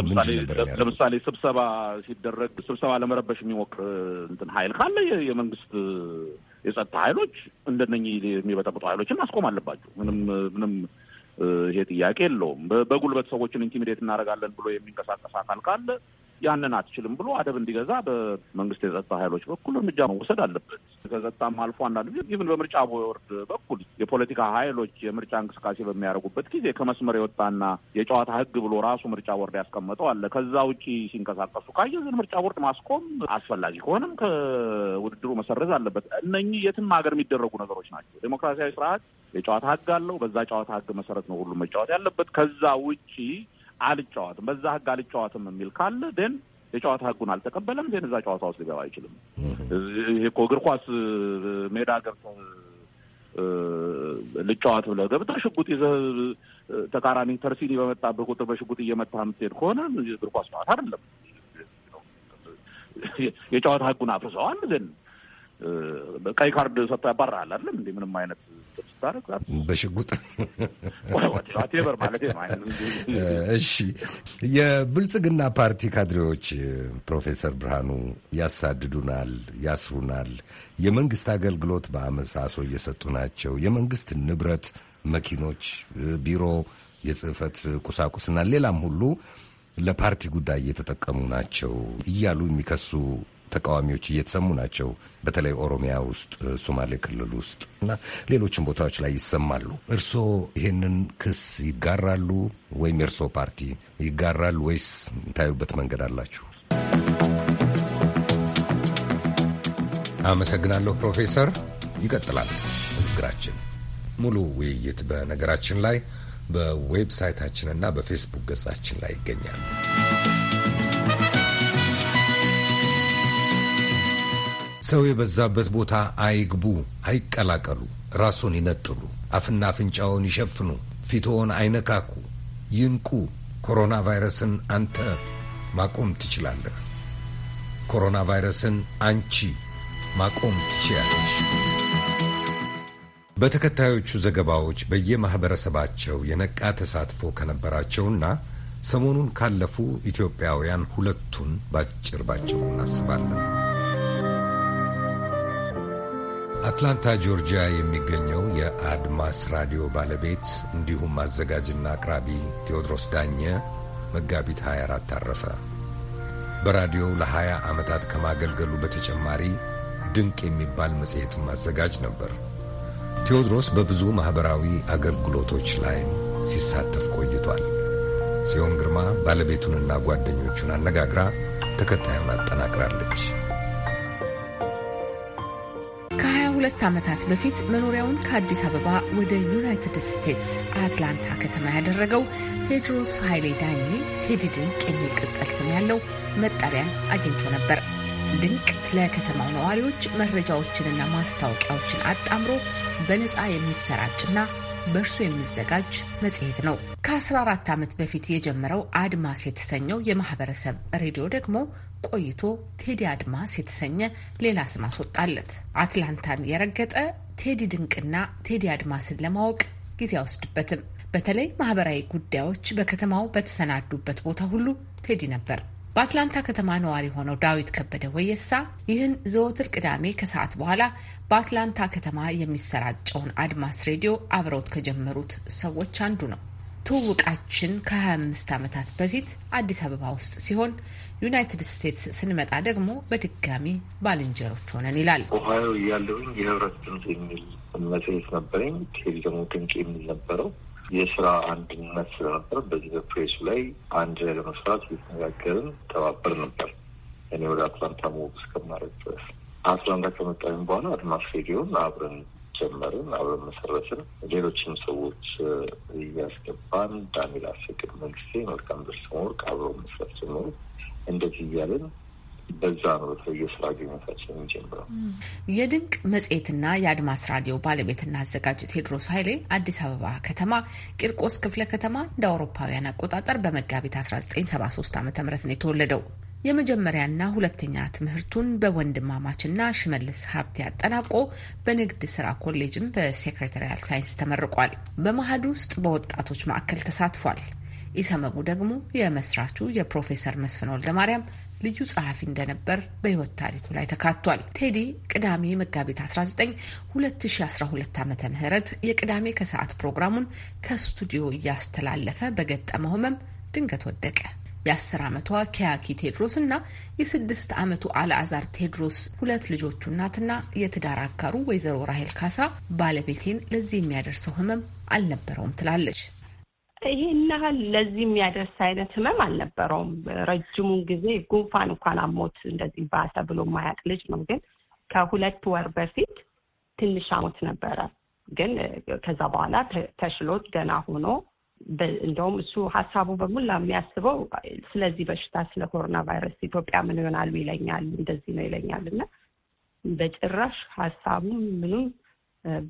ለምሳሌ ስብሰባ ሲደረግ ስብሰባ ለመረበሽ የሚሞክር እንትን ሀይል ካለ የመንግስት የጸጥታ ሀይሎች እንደነኚህ የሚበጠብጡ ሀይሎችን ማስቆም አለባቸው። ምንም ምንም ይሄ ጥያቄ የለውም። በጉልበት ሰዎችን ኢንቲሚዴት እናደርጋለን ብሎ የሚንቀሳቀስ አካል ካለ ያንን አትችልም ብሎ አደብ እንዲገዛ በመንግስት የጸጥታ ኃይሎች በኩል እርምጃ መውሰድ አለበት። ከጸጥታም አልፎ አንዳንድ ይብን በምርጫ ቦርድ በኩል የፖለቲካ ኃይሎች የምርጫ እንቅስቃሴ በሚያደርጉበት ጊዜ ከመስመር የወጣና የጨዋታ ህግ ብሎ ራሱ ምርጫ ቦርድ ያስቀመጠው አለ። ከዛ ውጪ ሲንቀሳቀሱ ካየ ዝን ምርጫ ቦርድ ማስቆም አስፈላጊ ከሆነም ከውድድሩ መሰረዝ አለበት። እነኚህ የትም ሀገር የሚደረጉ ነገሮች ናቸው። ዴሞክራሲያዊ ስርዓት የጨዋታ ህግ አለው። በዛ ጨዋታ ህግ መሰረት ነው ሁሉም መጫወት ያለበት። ከዛ ውጪ አልጫዋትም በዛ ህግ አልጫዋትም የሚል ካለ ን የጨዋታ ህጉን አልተቀበለም ዜን እዛ ጨዋታ ውስጥ ሊገባ አይችልም። ይህ እኮ እግር ኳስ ሜዳ ገብተ ልጫዋት ብለህ ገብተህ ሽጉጥ ይዘህ ተቃራኒ ተርሲኒ በመጣበት ቁጥር በሽጉጥ እየመታህ የምትሄድ ከሆነ እግር ኳስ ጨዋታ አይደለም። የጨዋታ ህጉን አፍርሰዋል ዜን ቀይ ካርድ ሰጥቶ ያባራል አለም እንዲ ምንም አይነት በሽጉጥ ቴበር ማለት እሺ የብልጽግና ፓርቲ ካድሬዎች ፕሮፌሰር ብርሃኑ ያሳድዱናል፣ ያስሩናል፣ የመንግስት አገልግሎት በአመሳሶ እየሰጡ ናቸው፣ የመንግስት ንብረት መኪኖች፣ ቢሮ፣ የጽህፈት ቁሳቁስና ሌላም ሁሉ ለፓርቲ ጉዳይ እየተጠቀሙ ናቸው እያሉ የሚከሱ ተቃዋሚዎች እየተሰሙ ናቸው። በተለይ ኦሮሚያ ውስጥ፣ ሶማሌ ክልል ውስጥ እና ሌሎችም ቦታዎች ላይ ይሰማሉ። እርስዎ ይሄንን ክስ ይጋራሉ ወይም የእርስዎ ፓርቲ ይጋራል ወይስ ታዩበት መንገድ አላችሁ? አመሰግናለሁ ፕሮፌሰር። ይቀጥላል ንግግራችን። ሙሉ ውይይት በነገራችን ላይ በዌብሳይታችንና በፌስቡክ ገጻችን ላይ ይገኛል። ሰው የበዛበት ቦታ አይግቡ፣ አይቀላቀሉ፣ ራሱን ይነጥሉ፣ አፍና አፍንጫውን ይሸፍኑ፣ ፊትዎን አይነካኩ፣ ይንቁ። ኮሮና ቫይረስን አንተ ማቆም ትችላለህ። ኮሮና ቫይረስን አንቺ ማቆም ትችያለሽ። በተከታዮቹ ዘገባዎች በየማኅበረሰባቸው የነቃ ተሳትፎ ከነበራቸውና ሰሞኑን ካለፉ ኢትዮጵያውያን ሁለቱን ባጭር ባጭሩ እናስባለን። አትላንታ ጆርጂያ የሚገኘው የአድማስ ራዲዮ ባለቤት እንዲሁም አዘጋጅና አቅራቢ ቴዎድሮስ ዳኘ መጋቢት 24 አረፈ። በራዲዮው ለ20 ዓመታት ከማገልገሉ በተጨማሪ ድንቅ የሚባል መጽሔትም አዘጋጅ ነበር። ቴዎድሮስ በብዙ ማኅበራዊ አገልግሎቶች ላይም ሲሳተፍ ቆይቷል። ጽዮን ግርማ ባለቤቱንና ጓደኞቹን አነጋግራ ተከታዩን አጠናቅራለች። ከሁለት ዓመታት በፊት መኖሪያውን ከአዲስ አበባ ወደ ዩናይትድ ስቴትስ አትላንታ ከተማ ያደረገው ቴድሮስ ኃይሌ ዳኜ ቴዲ ድንቅ የሚል ቅጽል ስም ያለው መጠሪያን አግኝቶ ነበር። ድንቅ ለከተማው ነዋሪዎች መረጃዎችንና ማስታወቂያዎችን አጣምሮ በነፃ የሚሰራጭና በእርሱ የሚዘጋጅ መጽሔት ነው። ከ14 ዓመት በፊት የጀመረው አድማስ የተሰኘው የማህበረሰብ ሬዲዮ ደግሞ ቆይቶ ቴዲ አድማስ የተሰኘ ሌላ ስም አስወጣለት። አትላንታን የረገጠ ቴዲ ድንቅና ቴዲ አድማስን ለማወቅ ጊዜ አይወስድበትም። በተለይ ማህበራዊ ጉዳዮች በከተማው በተሰናዱበት ቦታ ሁሉ ቴዲ ነበር። በአትላንታ ከተማ ነዋሪ የሆነው ዳዊት ከበደ ወየሳ ይህን ዘወትር ቅዳሜ ከሰዓት በኋላ በአትላንታ ከተማ የሚሰራጨውን አድማስ ሬዲዮ አብረውት ከጀመሩት ሰዎች አንዱ ነው። ትውውቃችን ከ25 ዓመታት በፊት አዲስ አበባ ውስጥ ሲሆን ዩናይትድ ስቴትስ ስንመጣ ደግሞ በድጋሚ ባልንጀሮች ሆነን ይላል። ኦሃዮ እያለሁኝ የህብረት ድምፅ የሚል መጽሔት ነበረኝ። ቴሌ ደግሞ ድንቅ የሚል ነበረው። የስራ አንድነት ስለነበር በዚህ በፕሬሱ ላይ አንድ ላይ ለመስራት እየተነጋገርን ተባበር ነበር። እኔ ወደ አትላንታ መወቅ እስከማድረግ ድረስ አትላንታ ከመጣኝ በኋላ አድማስ ሬዲዮን አብረን ጀመርን፣ አብረን መሰረትን። ሌሎችም ሰዎች እያስገባን ዳንኤል አስቅድ መንግስቴ፣ መልካም ደርሰን ወርቅ አብረው መስራት ጀመሩ። እንደዚህ እያለን በዛ ነው በተለየ ስራ ግንኙነታችን የሚጀምረው። የድንቅ መጽሔትና የአድማስ ራዲዮ ባለቤትና አዘጋጅ ቴድሮስ ኃይሌ አዲስ አበባ ከተማ ቂርቆስ ክፍለ ከተማ እንደ አውሮፓውያን አቆጣጠር በመጋቢት 1973 ዓ ም ነው የተወለደው። የመጀመሪያና ሁለተኛ ትምህርቱን በወንድማማችና ሽመልስ ሀብቴ አጠናቆ በንግድ ስራ ኮሌጅም በሴክሬታሪያል ሳይንስ ተመርቋል። በመሀድ ውስጥ በወጣቶች ማዕከል ተሳትፏል። ኢሰመጉ ደግሞ የመስራቹ የፕሮፌሰር መስፍን ወልደማርያም ልዩ ጸሐፊ እንደነበር በህይወት ታሪኩ ላይ ተካቷል። ቴዲ ቅዳሜ መጋቢት 19 2012 ዓ ም የቅዳሜ ከሰዓት ፕሮግራሙን ከስቱዲዮ እያስተላለፈ በገጠመው ህመም ድንገት ወደቀ። የአስር ዓመቷ ኪያኪ ቴድሮስ እና የስድስት ዓመቱ አልአዛር ቴድሮስ ሁለት ልጆቹ እናትና የትዳር አጋሩ ወይዘሮ ራሄል ካሳ ባለቤቴን ለዚህ የሚያደርሰው ህመም አልነበረውም ትላለች። ይህን ያህል ለዚህ የሚያደርስ አይነት ህመም አልነበረውም። ረጅሙን ጊዜ ጉንፋን እንኳን አሞት እንደዚህ ባሰ ብሎ ማያቅ ልጅ ነው። ግን ከሁለት ወር በፊት ትንሽ አሞት ነበረ። ግን ከዛ በኋላ ተሽሎት ደህና ሆኖ እንደውም እሱ ሀሳቡ በሙላ የሚያስበው ስለዚህ በሽታ ስለ ኮሮና ቫይረስ ኢትዮጵያ ምን ይሆናሉ ይለኛል፣ እንደዚህ ነው ይለኛል እና በጭራሽ ሀሳቡም ምኑም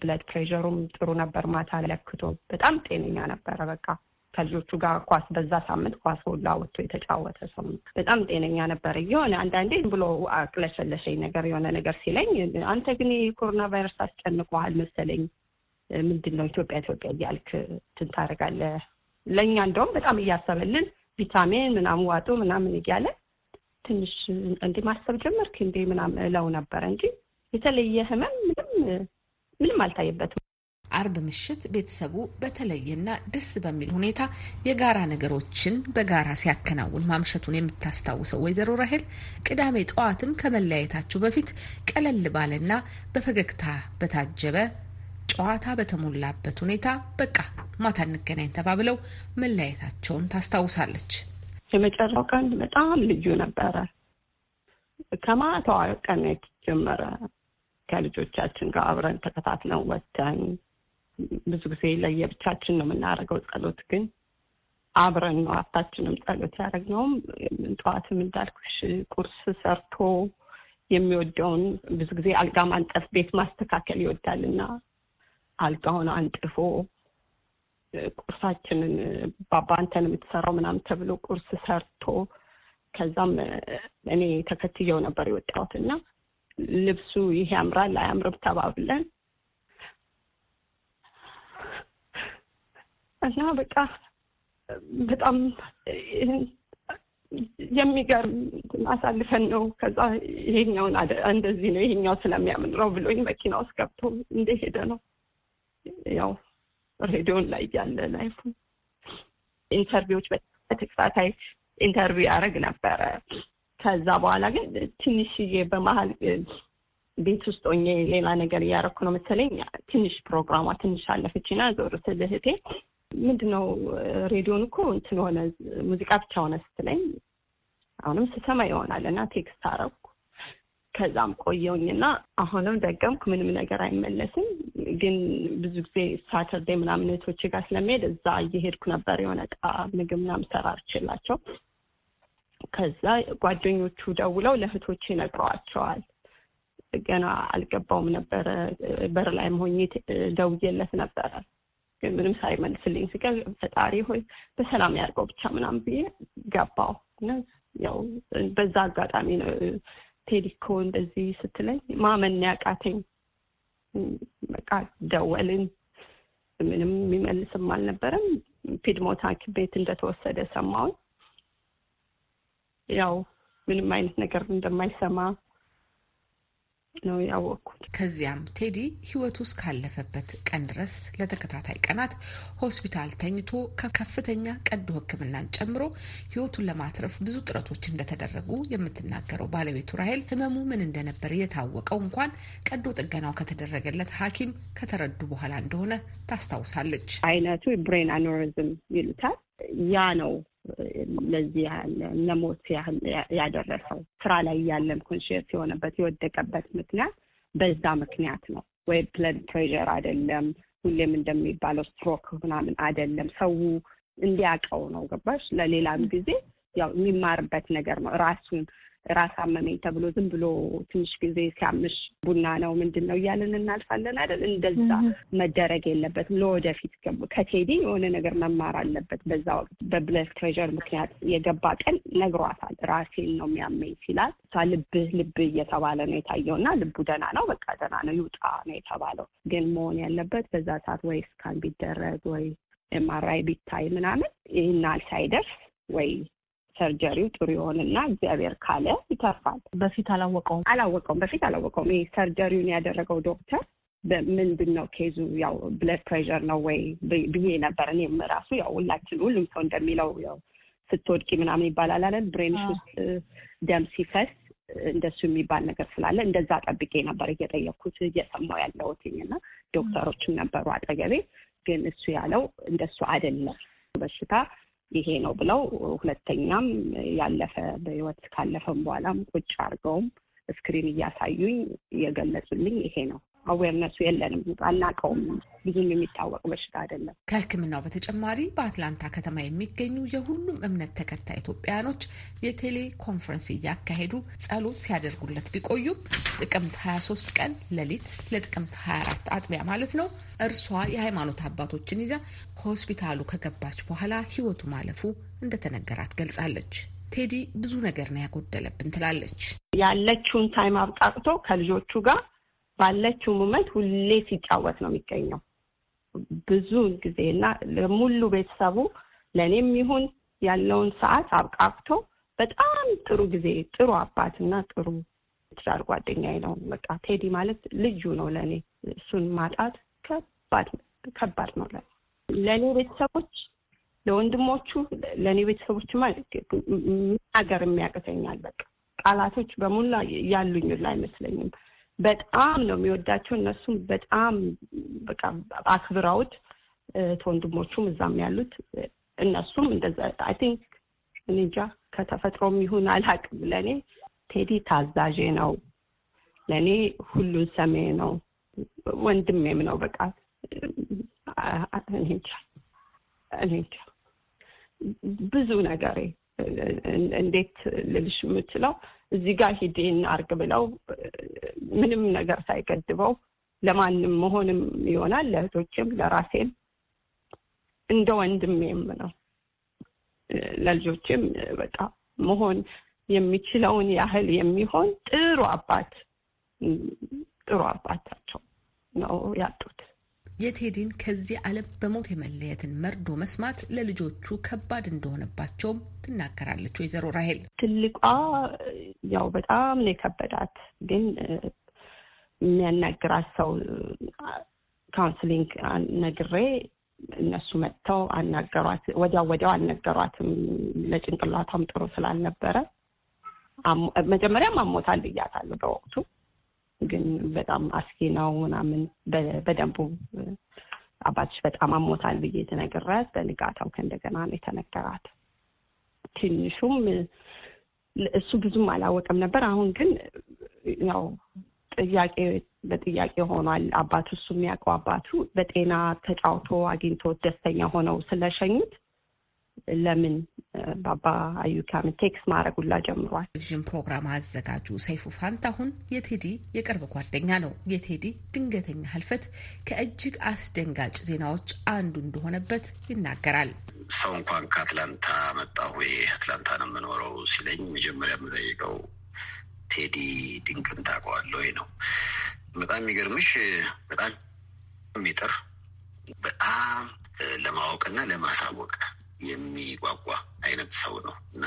ብለድ ፕሬሩም ጥሩ ነበር። ማታ ለክቶ በጣም ጤነኛ ነበረ። በቃ ከልጆቹ ጋር ኳስ በዛ ሳምንት ኳስ ሁላ ወጥቶ የተጫወተ ሰው በጣም ጤነኛ ነበረ። የሆነ አንዳንዴ ብሎ አቅለሸለሸኝ ነገር የሆነ ነገር ሲለኝ አንተ ግን የኮሮና ቫይረስ አስጨንቀዋል መሰለኝ ምንድን ነው ኢትዮጵያ ኢትዮጵያ እያልክ እንትን ታደርጋለህ። ለእኛ እንደውም በጣም እያሰበልን ቪታሚን ምናምን ዋጡ ምናምን እያለ ትንሽ እንዲህ ማሰብ ጀመርክ እንዴ ምናምን እለው ነበረ እንጂ የተለየ ህመም ምንም ምንም አልታየበትም። አርብ ምሽት ቤተሰቡ በተለየና ደስ በሚል ሁኔታ የጋራ ነገሮችን በጋራ ሲያከናውን ማምሸቱን የምታስታውሰው ወይዘሮ ራሄል ቅዳሜ ጠዋትም ከመለያየታቸው በፊት ቀለል ባለና በፈገግታ በታጀበ ጨዋታ በተሞላበት ሁኔታ በቃ ማታ እንገናኝ ተባብለው መለያየታቸውን ታስታውሳለች። የመጨረሻው ቀን በጣም ልዩ ነበረ። ከማታዋ ቀን የተጀመረ ከልጆቻችን ጋር አብረን ተከታትለን ወተን ብዙ ጊዜ ለየብቻችን ነው የምናደርገው። ጸሎት ግን አብረን ነው። ሀብታችንም ጸሎት ያደረግነውም ጠዋትም እንዳልኩሽ ቁርስ ሰርቶ የሚወደውን ብዙ ጊዜ አልጋ ማንጠፍ ቤት ማስተካከል ይወዳልና አልጋውን አንጥፎ ቁርሳችንን ባባ የምትሰራው ምናምን ተብሎ ቁርስ ሰርቶ ከዛም እኔ ተከትየው ነበር የወጣሁት እና ልብሱ ይሄ ያምራል አያምርም ተባብለን እና በቃ በጣም የሚገርም አሳልፈን ነው። ከዛ ይሄኛውን እንደዚህ ነው ይሄኛው ስለሚያምንረው ብሎኝ መኪና ውስጥ ገብቶ እንደሄደ ነው ያው ሬዲዮን ላይ ያለ ላይፉ ኢንተርቪዎች በተከታታይ ኢንተርቪው ያደረግ ነበረ። ከዛ በኋላ ግን ትንሽዬ በመሀል ቤት ውስጥ ሆኜ ሌላ ነገር እያደረኩ ነው መሰለኝ። ትንሽ ፕሮግራሟ ትንሽ አለፈች እና ዞር ስል እህቴ ምንድነው ሬዲዮን እኮ እንትን ሆነ ሙዚቃ ብቻ ሆነ ስትለኝ አሁንም ስሰማ ይሆናል እና ቴክስት አረኩ ከዛም ቆየውኝና አሁንም ደገምኩ። ምንም ነገር አይመለስም። ግን ብዙ ጊዜ ሳተርዴ ምናምን እህቶቼ ጋር ስለሚሄድ እዛ እየሄድኩ ነበር የሆነ እቃ ምግብ ምናምን ሰራ አርችላቸው። ከዛ ጓደኞቹ ደውለው ለእህቶቼ ነግረዋቸዋል። ገና አልገባውም ነበረ። በር ላይ መሆኜ ደውዬለት ነበረ ግን ምንም ሳይመልስልኝ ስቀር ፈጣሪ ሆይ በሰላም ያርገው ብቻ ምናምን ብዬ ገባው ያው በዛ አጋጣሚ ነው ቴዲ እኮ እንደዚህ ስትለኝ ማመን ያቃተኝ። በቃ ደወልን፣ ምንም የሚመልስም አልነበረም። ፒድሞት ሐኪም ቤት እንደተወሰደ ሰማውን ያው ምንም አይነት ነገር እንደማይሰማ ነው ያወቅኩት። ከዚያም ቴዲ ህይወቱ እስካለፈበት ቀን ድረስ ለተከታታይ ቀናት ሆስፒታል ተኝቶ ከፍተኛ ቀዶ ሕክምናን ጨምሮ ህይወቱን ለማትረፍ ብዙ ጥረቶች እንደተደረጉ የምትናገረው ባለቤቱ ራሄል ህመሙ ምን እንደነበር የታወቀው እንኳን ቀዶ ጥገናው ከተደረገለት ሐኪም ከተረዱ በኋላ እንደሆነ ታስታውሳለች። አይነቱ ብሬን አኖሪዝም ይሉታል። ያ ነው ለዚህ ያህል ለሞት ያህል ያደረሰው ስራ ላይ ያለን ኮንሽስ የሆነበት የወደቀበት ምክንያት በዛ ምክንያት ነው ወይ ብለድ ፕሬር አይደለም ሁሌም እንደሚባለው ስትሮክ ምናምን አይደለም ሰው እንዲያውቀው ነው ገባሽ ለሌላም ጊዜ ያው የሚማርበት ነገር ነው ራሱን ራስ አመመኝ ተብሎ ዝም ብሎ ትንሽ ጊዜ ሲያምሽ ቡና ነው ምንድን ነው እያለን እናልፋለን አይደል? እንደዛ መደረግ የለበትም። ለወደፊት ከቴዲ የሆነ ነገር መማር አለበት። በዛ ወቅት በብለስ ፕሬዠር ምክንያት የገባ ቀን ነግሯታል። ራሴን ነው የሚያመኝ ሲላል እሷ ልብህ ልብህ እየተባለ ነው የታየው እና ልቡ ደህና ነው፣ በቃ ደህና ነው ይውጣ ነው የተባለው። ግን መሆን ያለበት በዛ ሰዓት ወይ ስካን ቢደረግ ወይ ኤምአርአይ ቢታይ ምናምን ይህናል ሳይደርስ ወይ ሰርጀሪው ጥሩ ይሆንና እግዚአብሔር ካለ ይተርፋል። በፊት አላወቀውም አላወቀውም በፊት አላወቀውም። ይህ ሰርጀሪውን ያደረገው ዶክተር በምንድን ነው ኬዙ ያው ብለድ ፕሬር ነው ወይ ብዬ ነበር። እኔም ራሱ ያው ሁላችን ሁሉም ሰው እንደሚለው ያው ስትወድቂ ምናምን ይባላል አይደል ብሬንሽ ውስጥ ደም ሲፈስ እንደሱ የሚባል ነገር ስላለ እንደዛ ጠብቄ ነበር እየጠየኩት እየሰማው ያለሁት እና ዶክተሮችም ነበሩ አጠገቤ። ግን እሱ ያለው እንደሱ አይደለም በሽታ ይሄ ነው ብለው ሁለተኛም ያለፈ በህይወት ካለፈም በኋላም ቁጭ አድርገውም ስክሪን እያሳዩኝ የገለጹልኝ ይሄ ነው። አዌርነሱ የለንም፣ አናውቀውም። ብዙም የሚታወቅ በሽታ አይደለም። ከሕክምናው በተጨማሪ በአትላንታ ከተማ የሚገኙ የሁሉም እምነት ተከታይ ኢትዮጵያውያኖች የቴሌ ኮንፈረንስ እያካሄዱ ጸሎት ሲያደርጉለት ቢቆዩም ጥቅምት 23 ቀን ሌሊት ለጥቅምት 24 አጥቢያ ማለት ነው እርሷ የሃይማኖት አባቶችን ይዛ ከሆስፒታሉ ከገባች በኋላ ህይወቱ ማለፉ እንደተነገራት ገልጻለች። ቴዲ ብዙ ነገር ነው ያጎደለብን ትላለች። ያለችውን ታይም አብቃቅቶ ከልጆቹ ጋር ባለችው ሙመንት ሁሌ ሲጫወት ነው የሚገኘው ብዙውን ጊዜ እና ለሙሉ ቤተሰቡ ለእኔም ይሁን ያለውን ሰዓት አብቃብቶ በጣም ጥሩ ጊዜ ጥሩ አባትና ጥሩ ትዳር ጓደኛ ነው። በቃ ቴዲ ማለት ልዩ ነው ለእኔ። እሱን ማጣት ከባድ ነው ለ ለእኔ ቤተሰቦች፣ ለወንድሞቹ፣ ለእኔ ቤተሰቦች መናገር የሚያቅተኛል። በቃ ቃላቶች በሙላ ያሉኝ አይመስለኝም። በጣም ነው የሚወዳቸው። እነሱም በጣም በቃ አክብረውት ተወንድሞቹም እዛም ያሉት እነሱም እንደዛ አይ ቲንክ እኔ እንጃ ከተፈጥሮም ይሁን አላውቅም። ለእኔ ቴዲ ታዛዤ ነው። ለእኔ ሁሉን ሰሜ ነው። ወንድሜም ነው። በቃ እኔ እንጃ እኔ እንጃ ብዙ ነገሬ እንዴት ልልሽ የምችለው እዚህ ጋር ሂድ አርግ ብለው ምንም ነገር ሳይገድበው ለማንም መሆንም ይሆናል ለእህቶችም ለራሴም እንደ ወንድሜም ነው። ለልጆችም በቃ መሆን የሚችለውን ያህል የሚሆን ጥሩ አባት ጥሩ አባታቸው ነው ያጡት። የቴዲን ከዚህ ዓለም በሞት የመለየትን መርዶ መስማት ለልጆቹ ከባድ እንደሆነባቸውም ትናገራለች ወይዘሮ ራሄል። ትልቋ ያው በጣም ነው የከበዳት፣ ግን የሚያናግራት ሰው ካውንስሊንግ ነግሬ እነሱ መጥተው አናገሯት። ወዲያው ወዲያው አልነገሯትም፣ ለጭንቅላቷም ጥሩ ስላልነበረ መጀመሪያም አሞታል ብያታለሁ በወቅቱ ግን በጣም አስጊ ነው ምናምን በደንቡ አባትሽ በጣም አሞታል ብዬ የተነገራት በንጋታው ከእንደገና ነው የተነገራት። ትንሹም እሱ ብዙም አላወቀም ነበር። አሁን ግን ያው ጥያቄ በጥያቄ ሆኗል። አባቱ እሱ የሚያውቀው አባቱ በጤና ተጫውቶ አግኝቶ ደስተኛ ሆነው ስለሸኙት ለምን ባባ አዩካም ቴክስ ማድረጉላ ጀምሯል። ቴሌቪዥን ፕሮግራም አዘጋጁ ሰይፉ ፋንታሁን የቴዲ የቅርብ ጓደኛ ነው። የቴዲ ድንገተኛ ህልፈት ከእጅግ አስደንጋጭ ዜናዎች አንዱ እንደሆነበት ይናገራል። ሰው እንኳን ከአትላንታ መጣሁ አትላንታ ነው የምኖረው ሲለኝ መጀመሪያ የምጠይቀው ቴዲ ድንቅን ታውቀዋለህ ወይ ነው። በጣም የሚገርምሽ በጣም የሚጥር በጣም ለማወቅና ለማሳወቅ የሚጓጓ አይነት ሰው ነው እና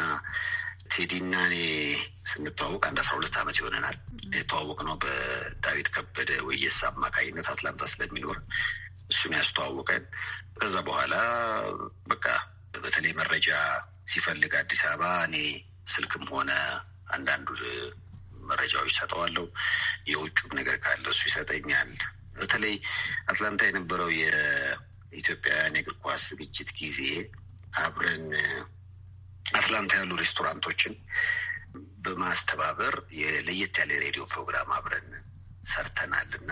ቴዲና እኔ ስንተዋወቅ አንድ አስራ ሁለት ዓመት ይሆነናል። የተዋወቅ ነው በዳዊት ከበደ ወየሳ አማካኝነት አትላንታ ስለሚኖር እሱን ያስተዋወቀን። ከዛ በኋላ በቃ በተለይ መረጃ ሲፈልግ አዲስ አበባ እኔ ስልክም ሆነ አንዳንዱ መረጃዎች ሰጠዋለሁ። የውጭም ነገር ካለ እሱ ይሰጠኛል። በተለይ አትላንታ የነበረው የኢትዮጵያውያን የእግር ኳስ ዝግጅት ጊዜ አብረን አትላንታ ያሉ ሬስቶራንቶችን በማስተባበር የለየት ያለ ሬዲዮ ፕሮግራም አብረን ሰርተናል እና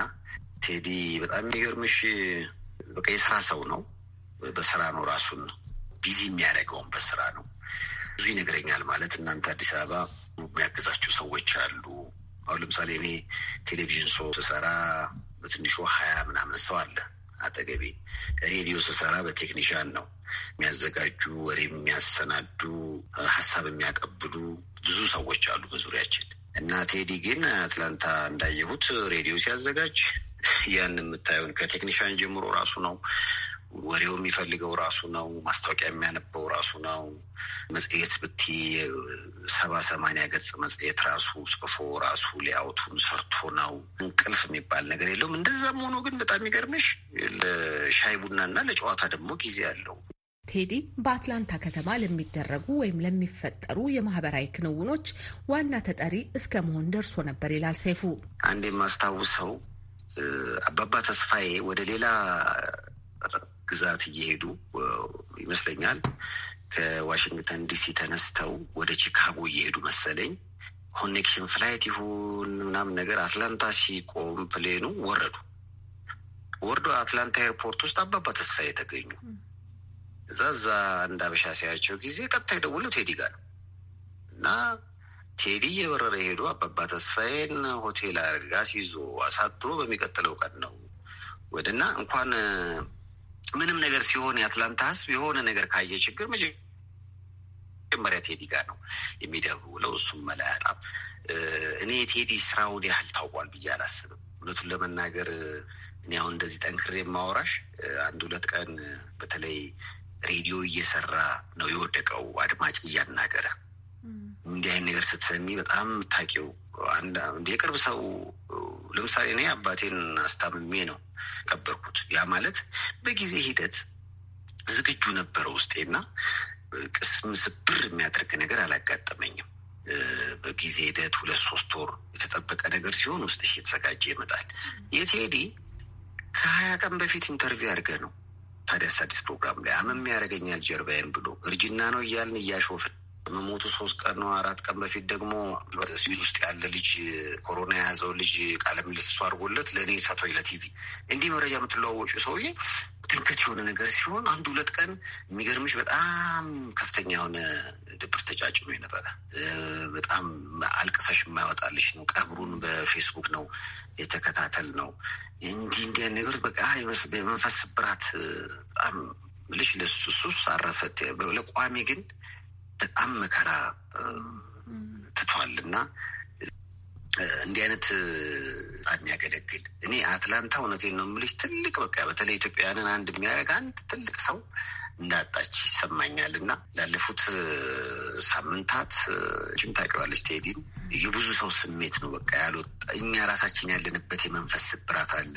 ቴዲ በጣም የሚገርምሽ በቃ የስራ ሰው ነው። በስራ ነው ራሱን ቢዚ የሚያደርገውን በስራ ነው። ብዙ ይነግረኛል ማለት እናንተ አዲስ አበባ የሚያገዛቸው ሰዎች አሉ። አሁን ለምሳሌ እኔ ቴሌቪዥን ሰው ስሰራ በትንሹ ሀያ ምናምን ሰው አለ አጠገቤ ሬዲዮ ስሰራ በቴክኒሽያን ነው የሚያዘጋጁ፣ ወሬ የሚያሰናዱ፣ ሀሳብ የሚያቀብሉ ብዙ ሰዎች አሉ በዙሪያችን እና ቴዲ ግን አትላንታ እንዳየሁት ሬዲዮ ሲያዘጋጅ ያን የምታየውን ከቴክኒሽያን ጀምሮ ራሱ ነው ወሬው የሚፈልገው ራሱ ነው። ማስታወቂያ የሚያነበው ራሱ ነው። መጽሔት ብቲ ሰባ ሰማንያ ገጽ መጽሔት ራሱ ጽፎ ራሱ ሊያውቱን ሰርቶ ነው። እንቅልፍ የሚባል ነገር የለውም። እንደዛም ሆኖ ግን በጣም ይገርምሽ ለሻይ ቡናና ለጨዋታ ደግሞ ጊዜ አለው። ቴዲ በአትላንታ ከተማ ለሚደረጉ ወይም ለሚፈጠሩ የማህበራዊ ክንውኖች ዋና ተጠሪ እስከ መሆን ደርሶ ነበር ይላል ሰይፉ። አንድ የማስታውሰው አባባ ተስፋዬ ወደ ሌላ ግዛት እየሄዱ ይመስለኛል ከዋሽንግተን ዲሲ ተነስተው ወደ ቺካጎ እየሄዱ መሰለኝ ኮኔክሽን ፍላይት ይሁን ምናምን ነገር አትላንታ ሲቆም ፕሌኑ ወረዱ። ወርዶ አትላንታ ኤርፖርት ውስጥ አባባ ተስፋ የተገኙ እዛ እዛ እንደ አበሻ ሲያቸው ጊዜ ቀጥታ የደወለው ቴዲ ጋር እና ቴዲ እየበረረ ሄዶ አባባ ተስፋዬን ሆቴል አርጋ ሲይዞ አሳድሮ በሚቀጥለው ቀን ነው ወደና እንኳን ምንም ነገር ሲሆን የአትላንታ ህዝብ የሆነ ነገር ካየ ችግር መጀመሪያ ቴዲ ጋር ነው የሚደውለው። እሱም መላያጣም እኔ የቴዲ ስራውን ያህል ታውቋል ብዬ አላስብም። እውነቱን ለመናገር እኔ አሁን እንደዚህ ጠንክሬ የማወራሽ አንድ ሁለት ቀን በተለይ ሬዲዮ እየሰራ ነው የወደቀው አድማጭ እያናገረ እንዲህ አይነት ነገር ስትሰሚ በጣም ታቂው የቅርብ ሰው ለምሳሌ እኔ አባቴን አስታምሜ ነው ቀበርኩት። ያ ማለት በጊዜ ሂደት ዝግጁ ነበረ ውስጤና ቅስም ስብር የሚያደርግ ነገር አላጋጠመኝም። በጊዜ ሂደት ሁለት ሶስት ወር የተጠበቀ ነገር ሲሆን ውስጥ የተዘጋጀ ይመጣል። የቴዲ ከሀያ ቀን በፊት ኢንተርቪው አድርገ ነው ታዲያ አዲስ ፕሮግራም ላይ አመም ያደርገኛል ጀርባዬን ብሎ እርጅና ነው እያልን እያሾፍን መሞቱ ሶስት ቀን ነው አራት ቀን በፊት ደግሞ በስዊዝ ውስጥ ያለ ልጅ ኮሮና የያዘው ልጅ ቃለ ምልልስ እሱ አድርጎለት ለእኔ ሰቶኝ ለቲቪ እንዲህ መረጃ የምትለዋወጩ ሰውዬ ትንከት የሆነ ነገር ሲሆን አንድ ሁለት ቀን የሚገርምሽ በጣም ከፍተኛ የሆነ ድብር ተጫጭኖ የነበረ በጣም አልቅሳሽ የማያወጣልሽ ነው። ቀብሩን በፌስቡክ ነው የተከታተል ነው። እንዲህ እንዲ ነገር በቃ የመንፈስ ብራት በጣም ልሽ ለሱ ሱስ አረፈት ለቋሚ ግን በጣም መከራ ትቷል እና እንዲህ አይነት የሚያገለግል እኔ አትላንታ እውነቴን ነው የምልሽ ትልቅ በቃ በተለይ ኢትዮጵያውያንን አንድ የሚያደርግ አንድ ትልቅ ሰው እንዳጣች ይሰማኛል እና ላለፉት ሳምንታት ጭም ታውቂዋለች ቴዲን የብዙ ሰው ስሜት ነው በቃ ያልወጣ እኛ ራሳችን ያለንበት የመንፈስ ስብራት አለ።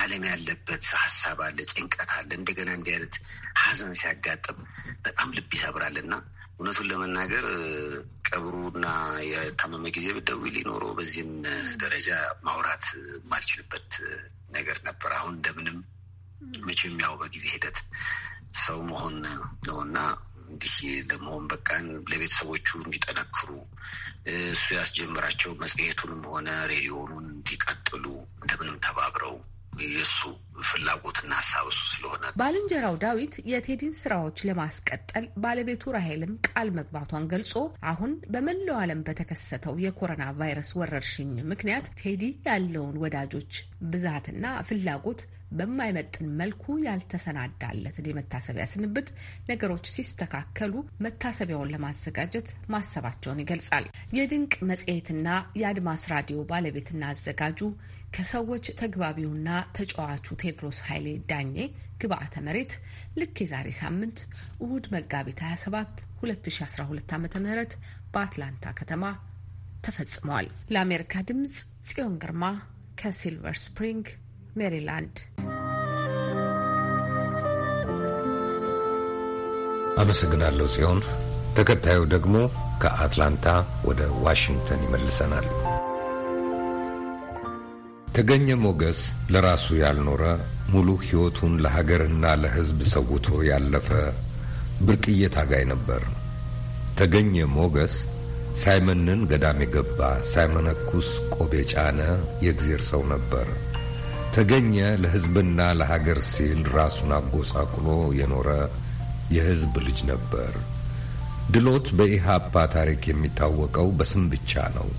አለም ያለበት ሀሳብ አለ፣ ጭንቀት አለ። እንደገና እንዲህ አይነት ሀዘን ሲያጋጥም በጣም ልብ ይሰብራል እና እውነቱን ለመናገር ቀብሩና የታመመ ጊዜ ብደዊ ሊኖሮ በዚህም ደረጃ ማውራት የማልችልበት ነገር ነበር። አሁን እንደምንም መቼም ያው በጊዜ ሂደት ሰው መሆን ነውና እንዲህ ለመሆን በቃን። ለቤተሰቦቹ እንዲጠነክሩ እሱ ያስጀምራቸው መጽሔቱንም ሆነ ሬዲዮኑን እንዲቀጥሉ እንደምንም ተባብረው የእሱ ፍላጎትና ሀሳብ እሱ ስለሆነ ባልንጀራው ዳዊት የቴዲን ስራዎች ለማስቀጠል ባለቤቱ ራሄልም ቃል መግባቷን ገልጾ አሁን በመላው ዓለም በተከሰተው የኮሮና ቫይረስ ወረርሽኝ ምክንያት ቴዲ ያለውን ወዳጆች ብዛትና ፍላጎት በማይመጥን መልኩ ያልተሰናዳለትን የመታሰቢያ ስንብት ነገሮች ሲስተካከሉ መታሰቢያውን ለማዘጋጀት ማሰባቸውን ይገልጻል። የድንቅ መጽሔትና የአድማስ ራዲዮ ባለቤትና አዘጋጁ ከሰዎች ተግባቢውና ተጫዋቹ ቴድሮስ ኃይሌ ዳኜ ግብአተ መሬት ልክ የዛሬ ሳምንት እሁድ መጋቢት 27 2012 ዓ ም በአትላንታ ከተማ ተፈጽሟል። ለአሜሪካ ድምፅ ጽዮን ግርማ ከሲልቨር ስፕሪንግ ሜሪላንድ። አመሰግናለሁ ጽዮን። ተከታዩ ደግሞ ከአትላንታ ወደ ዋሽንግተን ይመልሰናል። የተገኘ ሞገስ ለራሱ ያልኖረ ሙሉ ሕይወቱን ለሀገርና ለሕዝብ ሰውቶ ያለፈ ብርቅዬ ታጋይ ነበር። ተገኘ ሞገስ ሳይመንን ገዳም የገባ ሳይመነኩስ ቆብ የጫነ የእግዜር ሰው ነበር። ተገኘ ለሕዝብና ለሀገር ሲል ራሱን አጎሳቁሎ የኖረ የሕዝብ ልጅ ነበር። ድሎት በኢሃፓ ታሪክ የሚታወቀው በስም ብቻ ነው።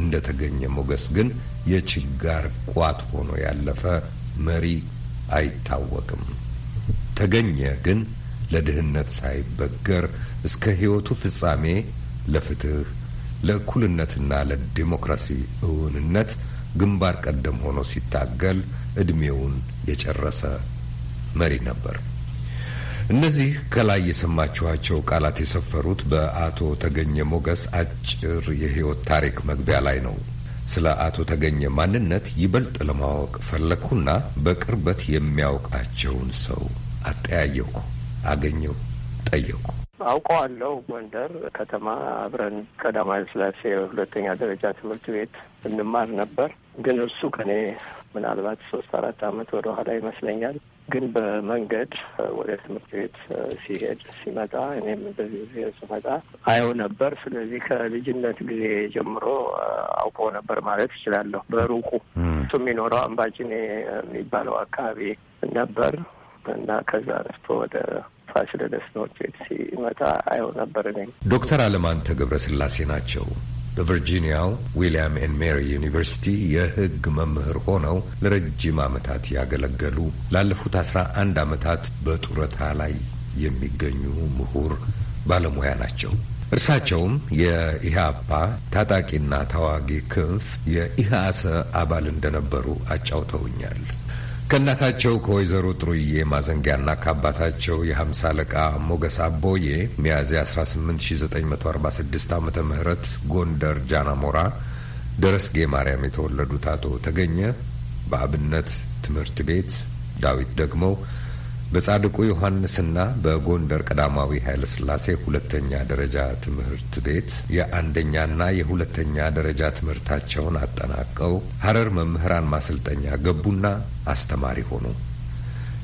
እንደ ተገኘ ሞገስ ግን የችጋር ቋት ሆኖ ያለፈ መሪ አይታወቅም። ተገኘ ግን ለድህነት ሳይበገር እስከ ሕይወቱ ፍጻሜ ለፍትህ፣ ለእኩልነትና ለዲሞክራሲ እውንነት ግንባር ቀደም ሆኖ ሲታገል ዕድሜውን የጨረሰ መሪ ነበር። እነዚህ ከላይ የሰማችኋቸው ቃላት የሰፈሩት በአቶ ተገኘ ሞገስ አጭር የሕይወት ታሪክ መግቢያ ላይ ነው። ስለ አቶ ተገኘ ማንነት ይበልጥ ለማወቅ ፈለግሁና በቅርበት የሚያውቃቸውን ሰው አጠያየኩ፣ አገኘሁ፣ ጠየኩ። አውቀዋለሁ። ጎንደር ከተማ አብረን ቀዳማዊ ሥላሴ ሁለተኛ ደረጃ ትምህርት ቤት እንማር ነበር። ግን እሱ ከኔ ምናልባት ሶስት አራት አመት ወደ ኋላ ይመስለኛል። ግን በመንገድ ወደ ትምህርት ቤት ሲሄድ ሲመጣ፣ እኔም በዚህ ጊዜ ስመጣ አየው ነበር። ስለዚህ ከልጅነት ጊዜ ጀምሮ አውቆ ነበር ማለት እችላለሁ። በሩቁ እሱ የሚኖረው አምባጭኔ የሚባለው አካባቢ ነበር እና ከዛ አንስቶ ወደ ፋሲለደስ ትምህርት ቤት ሲመጣ አየው ነበር። እኔም ዶክተር አለማንተ ገብረስላሴ ናቸው። በቨርጂኒያው ዊልያም ኤን ሜሪ ዩኒቨርሲቲ የሕግ መምህር ሆነው ለረጅም ዓመታት ያገለገሉ ላለፉት አስራ አንድ ዓመታት በጡረታ ላይ የሚገኙ ምሁር ባለሙያ ናቸው። እርሳቸውም የኢህአፓ ታጣቂና ታዋጊ ክንፍ የኢህአሰ አባል እንደነበሩ አጫውተውኛል። ከእናታቸው ከወይዘሮ ጥሩዬ ማዘንጊያና ከአባታቸው የሀምሳ አለቃ ሞገስ አቦዬ ሚያዝያ 18946 ዓ ምህረት ጎንደር ጃናሞራ ደረስጌ ማርያም የተወለዱት አቶ ተገኘ በአብነት ትምህርት ቤት ዳዊት ደግሞ በጻድቁ ዮሐንስና በጎንደር ቀዳማዊ ኃይለ ሥላሴ ሁለተኛ ደረጃ ትምህርት ቤት የአንደኛና የሁለተኛ ደረጃ ትምህርታቸውን አጠናቀው ሐረር መምህራን ማሰልጠኛ ገቡና አስተማሪ ሆኑ።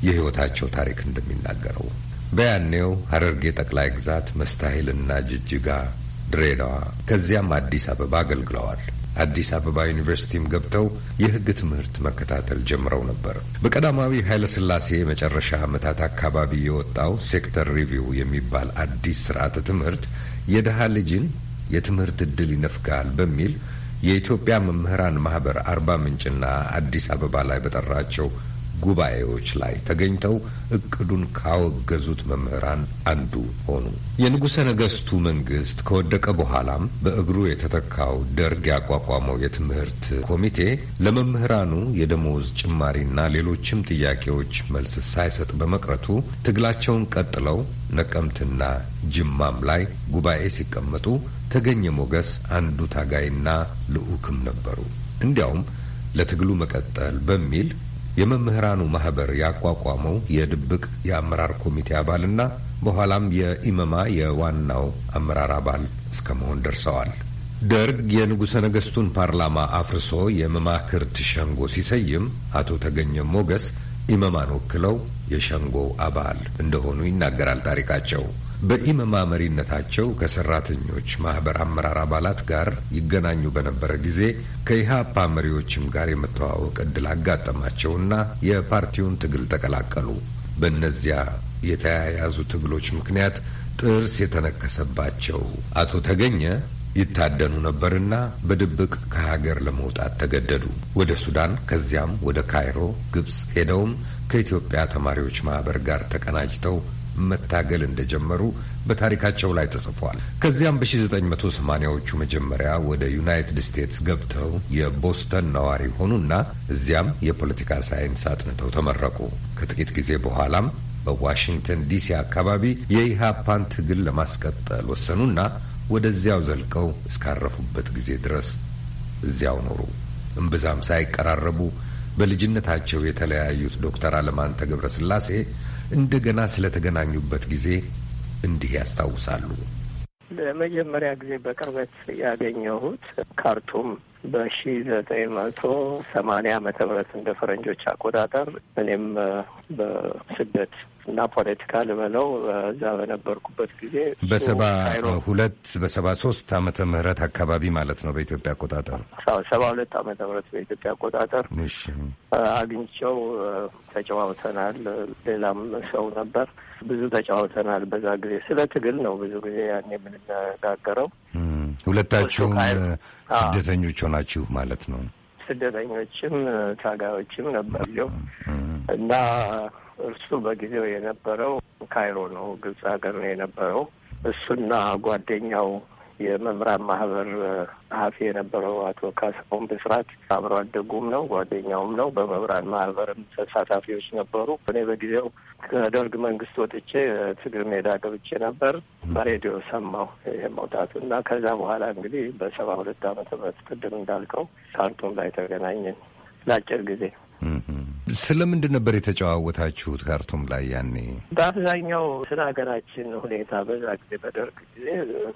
የሕይወታቸው ታሪክ እንደሚናገረው በያኔው ሐረርጌ ጠቅላይ ግዛት መስታሄልና፣ ጅጅጋ፣ ድሬዳዋ ከዚያም አዲስ አበባ አገልግለዋል። አዲስ አበባ ዩኒቨርሲቲም ገብተው የሕግ ትምህርት መከታተል ጀምረው ነበር። በቀዳማዊ ኃይለሥላሴ መጨረሻ ዓመታት አካባቢ የወጣው ሴክተር ሪቪው የሚባል አዲስ ስርዓተ ትምህርት የድሃ ልጅን የትምህርት ዕድል ይነፍጋል በሚል የኢትዮጵያ መምህራን ማህበር አርባ ምንጭና አዲስ አበባ ላይ በጠራቸው ጉባኤዎች ላይ ተገኝተው እቅዱን ካወገዙት መምህራን አንዱ ሆኑ። የንጉሠ ነገሥቱ መንግስት ከወደቀ በኋላም በእግሩ የተተካው ደርግ ያቋቋመው የትምህርት ኮሚቴ ለመምህራኑ የደሞዝ ጭማሪና ሌሎችም ጥያቄዎች መልስ ሳይሰጥ በመቅረቱ ትግላቸውን ቀጥለው ነቀምትና ጅማም ላይ ጉባኤ ሲቀመጡ ተገኘ ሞገስ አንዱ ታጋይና ልዑክም ነበሩ። እንዲያውም ለትግሉ መቀጠል በሚል የመምህራኑ ማህበር ያቋቋመው የድብቅ የአመራር ኮሚቴ አባልና በኋላም የኢመማ የዋናው አመራር አባል እስከ መሆን ደርሰዋል። ደርግ የንጉሠ ነገሥቱን ፓርላማ አፍርሶ የመማክርት ሸንጎ ሲሰይም አቶ ተገኘ ሞገስ ኢመማን ወክለው የሸንጎ አባል እንደሆኑ ይናገራል ታሪካቸው። በኢመማ መሪነታቸው ከሰራተኞች ማህበር አመራር አባላት ጋር ይገናኙ በነበረ ጊዜ ከኢህአፓ መሪዎችም ጋር የመተዋወቅ እድል አጋጠማቸውና የፓርቲውን ትግል ተቀላቀሉ። በእነዚያ የተያያዙ ትግሎች ምክንያት ጥርስ የተነከሰባቸው አቶ ተገኘ ይታደኑ ነበርና በድብቅ ከሀገር ለመውጣት ተገደዱ። ወደ ሱዳን ከዚያም ወደ ካይሮ፣ ግብጽ ሄደውም ከኢትዮጵያ ተማሪዎች ማህበር ጋር ተቀናጅተው መታገል እንደጀመሩ በታሪካቸው ላይ ተጽፏል። ከዚያም በ1980ዎቹ መጀመሪያ ወደ ዩናይትድ ስቴትስ ገብተው የቦስተን ነዋሪ ሆኑና እዚያም የፖለቲካ ሳይንስ አጥንተው ተመረቁ። ከጥቂት ጊዜ በኋላም በዋሽንግተን ዲሲ አካባቢ የኢህአፓን ትግል ለማስቀጠል ወሰኑና ወደዚያው ዘልቀው እስካረፉበት ጊዜ ድረስ እዚያው ኖሩ። እምብዛም ሳይቀራረቡ በልጅነታቸው የተለያዩት ዶክተር አለማንተ ገብረስላሴ እንደገና ስለተገናኙበት ጊዜ እንዲህ ያስታውሳሉ። ለመጀመሪያ ጊዜ በቅርበት ያገኘሁት ካርቱም በሺ ዘጠኝ መቶ ሰማኒያ ዓመተ ምህረት እንደ ፈረንጆች አቆጣጠር እኔም በስደት እና ፖለቲካ ልበለው እዛ በነበርኩበት ጊዜ በሰባ ሁለት በሰባ ሶስት አመተ ምህረት አካባቢ ማለት ነው በኢትዮጵያ አቆጣጠር ሰባ ሁለት ዓመተ ምህረት በኢትዮጵያ አቆጣጠር አግኝቼው ተጨዋውተናል። ሌላም ሰው ነበር። ብዙ ተጨዋውተናል። በዛ ጊዜ ስለ ትግል ነው ብዙ ጊዜ ያኔ የምንነጋገረው ሁለታችሁም ስደተኞች ሆናችሁ ማለት ነው። ስደተኞችም ታጋዮችም ነበርው እና እርሱ በጊዜው የነበረው ካይሮ ነው፣ ግብጽ ሀገር ነው የነበረው። እሱና ጓደኛው የመምህራን ማህበር ጸሐፊ የነበረው አቶ ካሳሁን ብስራት አብሮ አደጉም ነው፣ ጓደኛውም ነው። በመምህራን ማህበርም ተሳታፊዎች ነበሩ። እኔ በጊዜው ከደርግ መንግስት ወጥቼ ትግር ሜዳ ገብቼ ነበር። በሬዲዮ ሰማሁ ይሄ መውጣቱ እና ከዛ በኋላ እንግዲህ በሰባ ሁለት አመተ ምህረት ቅድም እንዳልከው ካርቱም ላይ ተገናኘን ለአጭር ጊዜ ስለምንድን ነበር የተጨዋወታችሁት ካርቱም ላይ ያኔ? በአብዛኛው ስለ ሀገራችን ሁኔታ በዛ ጊዜ በደርግ ጊዜ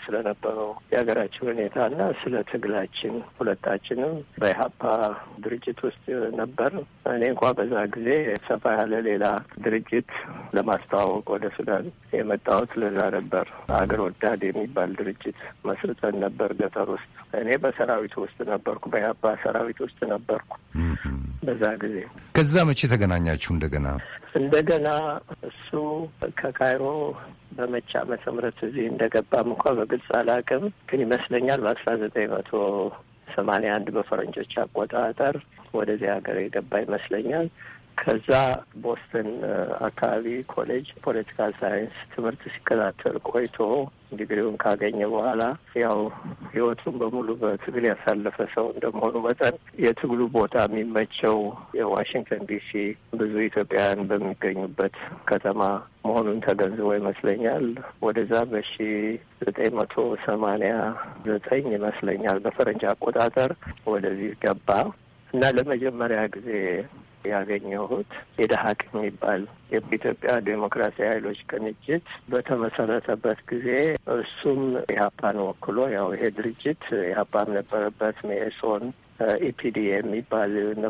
ስለነበረው የሀገራችን ሁኔታ እና ስለ ትግላችን ሁለታችንም በኢህአፓ ድርጅት ውስጥ ነበር። እኔ እንኳ በዛ ጊዜ ሰፋ ያለ ሌላ ድርጅት ለማስተዋወቅ ወደ ሱዳን የመጣሁት ለዛ ነበር። አገር ወዳድ የሚባል ድርጅት መስርተን ነበር ገጠር ውስጥ። እኔ በሰራዊቱ ውስጥ ነበርኩ፣ በኢህአፓ ሰራዊት ውስጥ ነበርኩ በዛ ጊዜ ጊዜ። ከዛ መቼ ተገናኛችሁ እንደገና? እንደገና እሱ ከካይሮ በመቼ ዓመተ ምህረት እዚህ እንደገባም እንኳ በግልጽ አላውቅም፣ ግን ይመስለኛል በአስራ ዘጠኝ መቶ ሰማንያ አንድ በፈረንጆች አቆጣጠር ወደዚህ ሀገር የገባ ይመስለኛል። ከዛ ቦስተን አካባቢ ኮሌጅ ፖለቲካ ሳይንስ ትምህርት ሲከታተል ቆይቶ ዲግሪውን ካገኘ በኋላ ያው ህይወቱን በሙሉ በትግል ያሳለፈ ሰው እንደመሆኑ መጠን የትግሉ ቦታ የሚመቸው የዋሽንግተን ዲሲ ብዙ ኢትዮጵያውያን በሚገኙበት ከተማ መሆኑን ተገንዝቦ ይመስለኛል ወደዛ በሺ ዘጠኝ መቶ ሰማኒያ ዘጠኝ ይመስለኛል በፈረንጅ አቆጣጠር ወደዚህ ገባ እና ለመጀመሪያ ጊዜ ያገኘሁት የደሀቅ የሚባል የኢትዮጵያ ዴሞክራሲያዊ ኃይሎች ቅንጅት በተመሰረተበት ጊዜ እሱም ኢህአፓን ወክሎ ያው ይሄ ድርጅት ኢህአፓም ነበረበት፣ መኢሶን ኢፒዲ የሚባል እነ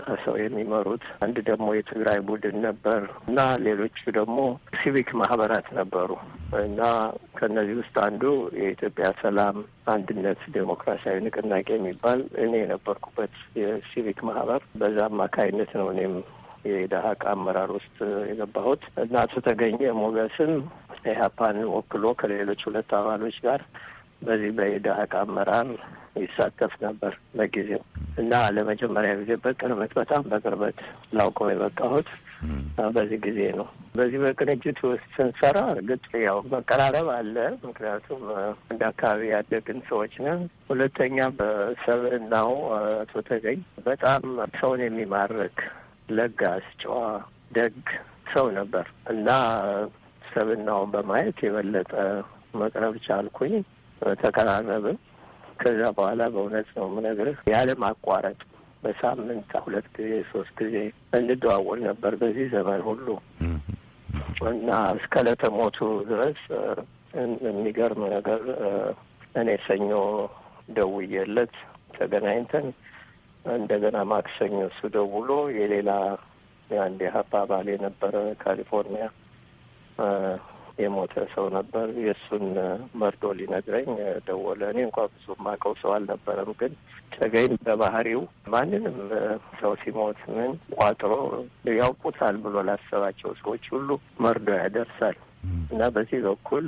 ጣሰው የሚመሩት አንድ ደግሞ የትግራይ ቡድን ነበር እና ሌሎቹ ደግሞ ሲቪክ ማህበራት ነበሩ እና ከእነዚህ ውስጥ አንዱ የኢትዮጵያ ሰላም አንድነት ዴሞክራሲያዊ ንቅናቄ የሚባል እኔ የነበርኩበት የሲቪክ ማህበር በዛ አማካይነት ነው እኔም የደሀቅ አመራር ውስጥ የገባሁት እና አቶ ተገኘ ሞገስም ኢህአፓን ወክሎ ከሌሎች ሁለት አባሎች ጋር በዚህ በኢዳህቅ አመራር ይሳተፍ ነበር በጊዜው እና ለመጀመሪያ ጊዜ በቅርበት በጣም በቅርበት ላውቀው የበቃሁት በዚህ ጊዜ ነው። በዚህ በቅንጅት ውስጥ ስንሰራ እርግጥ ያው መቀራረብ አለ። ምክንያቱም እንደ አካባቢ ያደግን ሰዎች ነን። ሁለተኛ በሰብእናው አቶ ተገኝ በጣም ሰውን የሚማርክ ለጋስ፣ ጨዋ፣ ደግ ሰው ነበር እና ሰብእናውን በማየት የበለጠ መቅረብ ቻልኩኝ። ተቀራረብን። ከዛ በኋላ በእውነት ነው የምነግርህ ያለ ማቋረጥ በሳምንት ሁለት ጊዜ ሶስት ጊዜ እንደዋወል ነበር በዚህ ዘመን ሁሉ እና እስከ ለተሞቱ ድረስ የሚገርም ነገር እኔ ሰኞ ደውዬለት ተገናኝተን እንደገና ማክሰኞ እሱ ደውሎ የሌላ የአንድ ኢህአፓ የነበረ ካሊፎርኒያ የሞተ ሰው ነበር። የእሱን መርዶ ሊነግረኝ ደወለ። እኔ እንኳ ብዙ ማቀው ሰው አልነበረም፣ ግን ጨገኝ በባህሪው ማንንም ሰው ሲሞት ምን ቋጥሮ ያውቁታል ብሎ ላሰባቸው ሰዎች ሁሉ መርዶ ያደርሳል እና በዚህ በኩል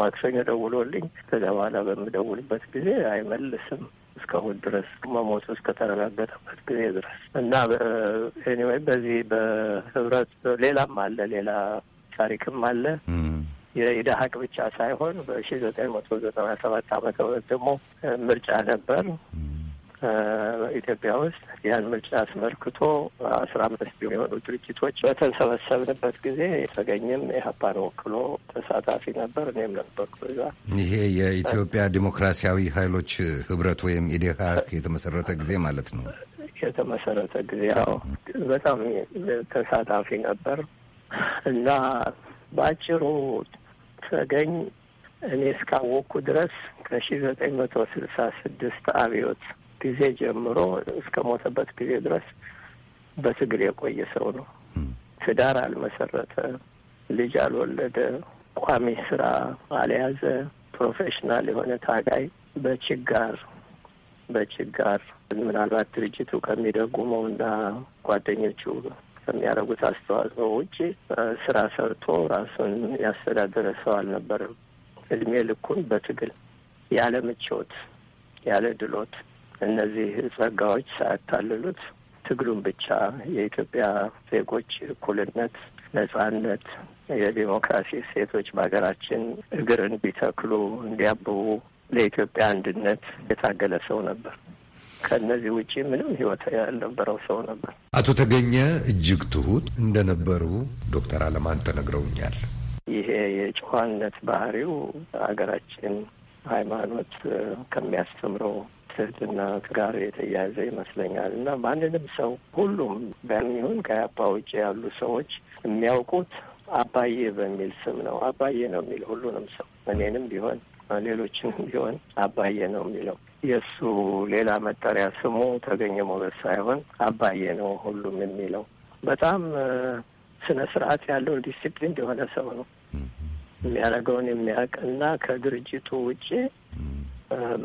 ማክሰኞ ደውሎልኝ ከዚያ በኋላ በምደውልበት ጊዜ አይመልስም እስካሁን ድረስ መሞቱ እስከተረጋገጠበት ጊዜ ድረስ እና በዚህ በህብረት ሌላም አለ ሌላ ታሪክም አለ። የኢዳሀቅ ብቻ ሳይሆን በሺ ዘጠኝ መቶ ዘጠና ሰባት አመተ ምህረት ደግሞ ምርጫ ነበር ኢትዮጵያ ውስጥ። ያን ምርጫ አስመልክቶ አስራ አምስት የሚሆኑ ድርጅቶች በተሰበሰብንበት ጊዜ የተገኝም ኢህአፓን ወክሎ ተሳታፊ ነበር። እኔም ነበርኩ እዛ። ይሄ የኢትዮጵያ ዲሞክራሲያዊ ኃይሎች ህብረት ወይም ኢዴሀክ የተመሰረተ ጊዜ ማለት ነው። የተመሰረተ ጊዜ ያው በጣም ተሳታፊ ነበር። እና በአጭሩ ተገኝ እኔ እስካወቅኩ ድረስ ከሺ ዘጠኝ መቶ ስልሳ ስድስት አብዮት ጊዜ ጀምሮ እስከ ሞተበት ጊዜ ድረስ በትግል የቆየ ሰው ነው። ትዳር አልመሰረተ፣ ልጅ አልወለደ፣ ቋሚ ስራ አልያዘ፣ ፕሮፌሽናል የሆነ ታጋይ በችጋር በችጋር ምናልባት ድርጅቱ ከሚደጉመው እና ጓደኞቹ ከሚያደርጉት አስተዋጽኦ ውጭ ስራ ሰርቶ ራሱን ያስተዳደረ ሰው አልነበረም። እድሜ ልኩን በትግል ያለ ምቾት፣ ያለ ድሎት እነዚህ ጸጋዎች ሳያታልሉት ትግሉን ብቻ የኢትዮጵያ ዜጎች እኩልነት፣ ነጻነት፣ የዲሞክራሲ እሴቶች በሀገራችን እግር እንዲተክሉ እንዲያብቡ ለኢትዮጵያ አንድነት የታገለ ሰው ነበር። ከእነዚህ ውጪ ምንም ህይወት ያልነበረው ሰው ነበር። አቶ ተገኘ እጅግ ትሁት እንደነበሩ ዶክተር አለማን ተነግረውኛል። ይሄ የጨዋነት ባህሪው ሀገራችን ሃይማኖት ከሚያስተምረው ትህትና ጋር የተያያዘ ይመስለኛል እና ማንንም ሰው ሁሉም በሚሆን ከያፓ ውጭ ያሉ ሰዎች የሚያውቁት አባዬ በሚል ስም ነው። አባዬ ነው የሚል ሁሉንም ሰው እኔንም ቢሆን ሌሎችን ቢሆን አባዬ ነው የሚለው የእሱ ሌላ መጠሪያ ስሙ ተገኘ ሞገስ ሳይሆን አባዬ ነው ሁሉም የሚለው በጣም ስነ ስርዓት ያለው ዲሲፕሊን የሆነ ሰው ነው። የሚያደርገውን የሚያውቅ እና ከድርጅቱ ውጭ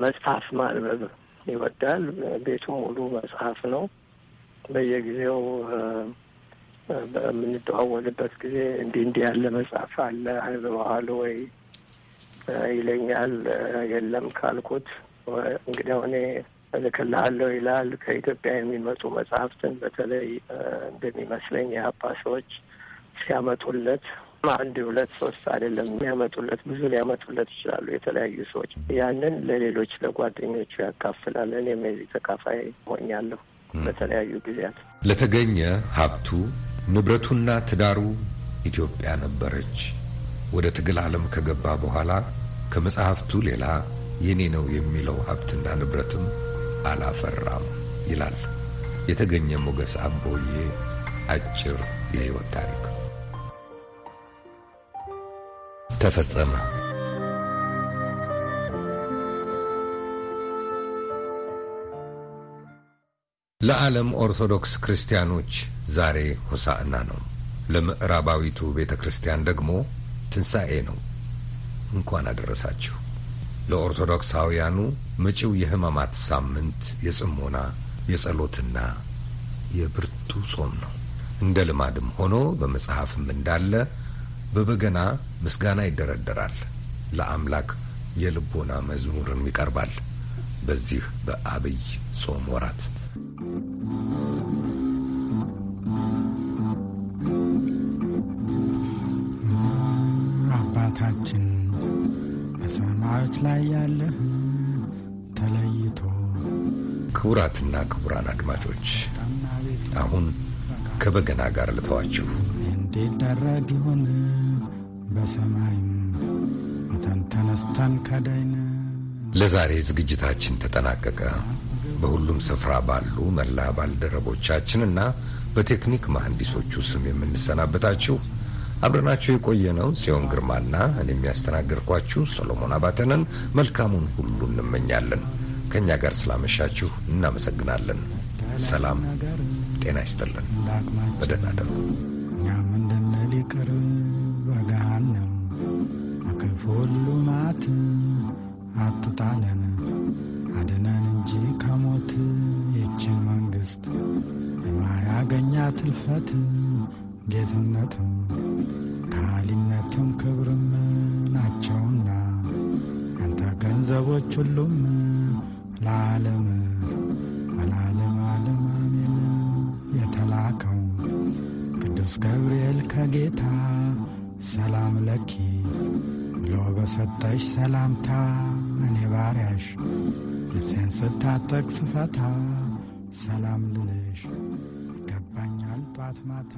መጽሐፍ ማንበብ ይወዳል። ቤቱ ሙሉ መጽሐፍ ነው። በየጊዜው በምንደዋወልበት ጊዜ እንዲህ እንዲህ ያለ መጽሐፍ አለ አንብበዋል ወይ ይለኛል። የለም ካልኩት እንግዲያው እኔ እልክልሃለሁ ይላል። ከኢትዮጵያ የሚመጡ መጽሐፍትን በተለይ እንደሚመስለኝ የሀፓ ሰዎች ሲያመጡለት አንድ ሁለት ሶስት አይደለም የሚያመጡለት ብዙ ሊያመጡለት ይችላሉ የተለያዩ ሰዎች። ያንን ለሌሎች ለጓደኞቹ ያካፍላል። እኔም የዚህ ተካፋይ ሆኛለሁ በተለያዩ ጊዜያት። ለተገኘ ሀብቱ ንብረቱና ትዳሩ ኢትዮጵያ ነበረች። ወደ ትግል ዓለም ከገባ በኋላ ከመጽሐፍቱ ሌላ የኔ ነው የሚለው ሀብትና ንብረትም አላፈራም ይላል የተገኘ ሞገስ አምቦዬ አጭር የሕይወት ታሪክ። ተፈጸመ። ለዓለም ኦርቶዶክስ ክርስቲያኖች ዛሬ ሆሳዕና ነው። ለምዕራባዊቱ ቤተ ክርስቲያን ደግሞ ትንሣኤ ነው። እንኳን አደረሳችሁ። ለኦርቶዶክሳውያኑ መጪው የሕማማት ሳምንት የጽሞና የጸሎትና የብርቱ ጾም ነው። እንደ ልማድም ሆኖ በመጽሐፍም እንዳለ በበገና ምስጋና ይደረደራል፣ ለአምላክ የልቦና መዝሙርም ይቀርባል በዚህ በአብይ ጾም ወራት ታች ላይ ያለህ ተለይቶ። ክቡራትና ክቡራን አድማጮች አሁን ከበገና ጋር ልተዋችሁ። እንዴት ደረግ ይሆን በሰማይም ተንተነስተን ከዳይን። ለዛሬ ዝግጅታችን ተጠናቀቀ። በሁሉም ስፍራ ባሉ መላ ባልደረቦቻችንና በቴክኒክ መሐንዲሶቹ ስም የምንሰናበታችሁ አብረናቸው የቆየ ነው ጽዮን ግርማና እኔ የሚያስተናግርኳችሁ ሰሎሞን አባተንን። መልካሙን ሁሉ እንመኛለን። ከእኛ ጋር ስላመሻችሁ እናመሰግናለን። ሰላም ጤና ይስጥልን። በደህና ደሩ። ሁሉ መዓት አትጣለን፣ አድነን እንጂ ከሞት ይችን መንግስት የማያገኛት እልፈት ጌትነትም ከሃሊነትም ክብርም ናቸውና አንተ ገንዘቦች ሁሉም ለዓለም አላለም አለም አሜን የተላከው ቅዱስ ገብርኤል ከጌታ ሰላም ለኪ ብሎ በሰጠሽ ሰላምታ እኔ ባሪያሽ ልብሴን ስታጠቅ ስፈታ ሰላም ልልሽ ይገባኛል ጧት ማታ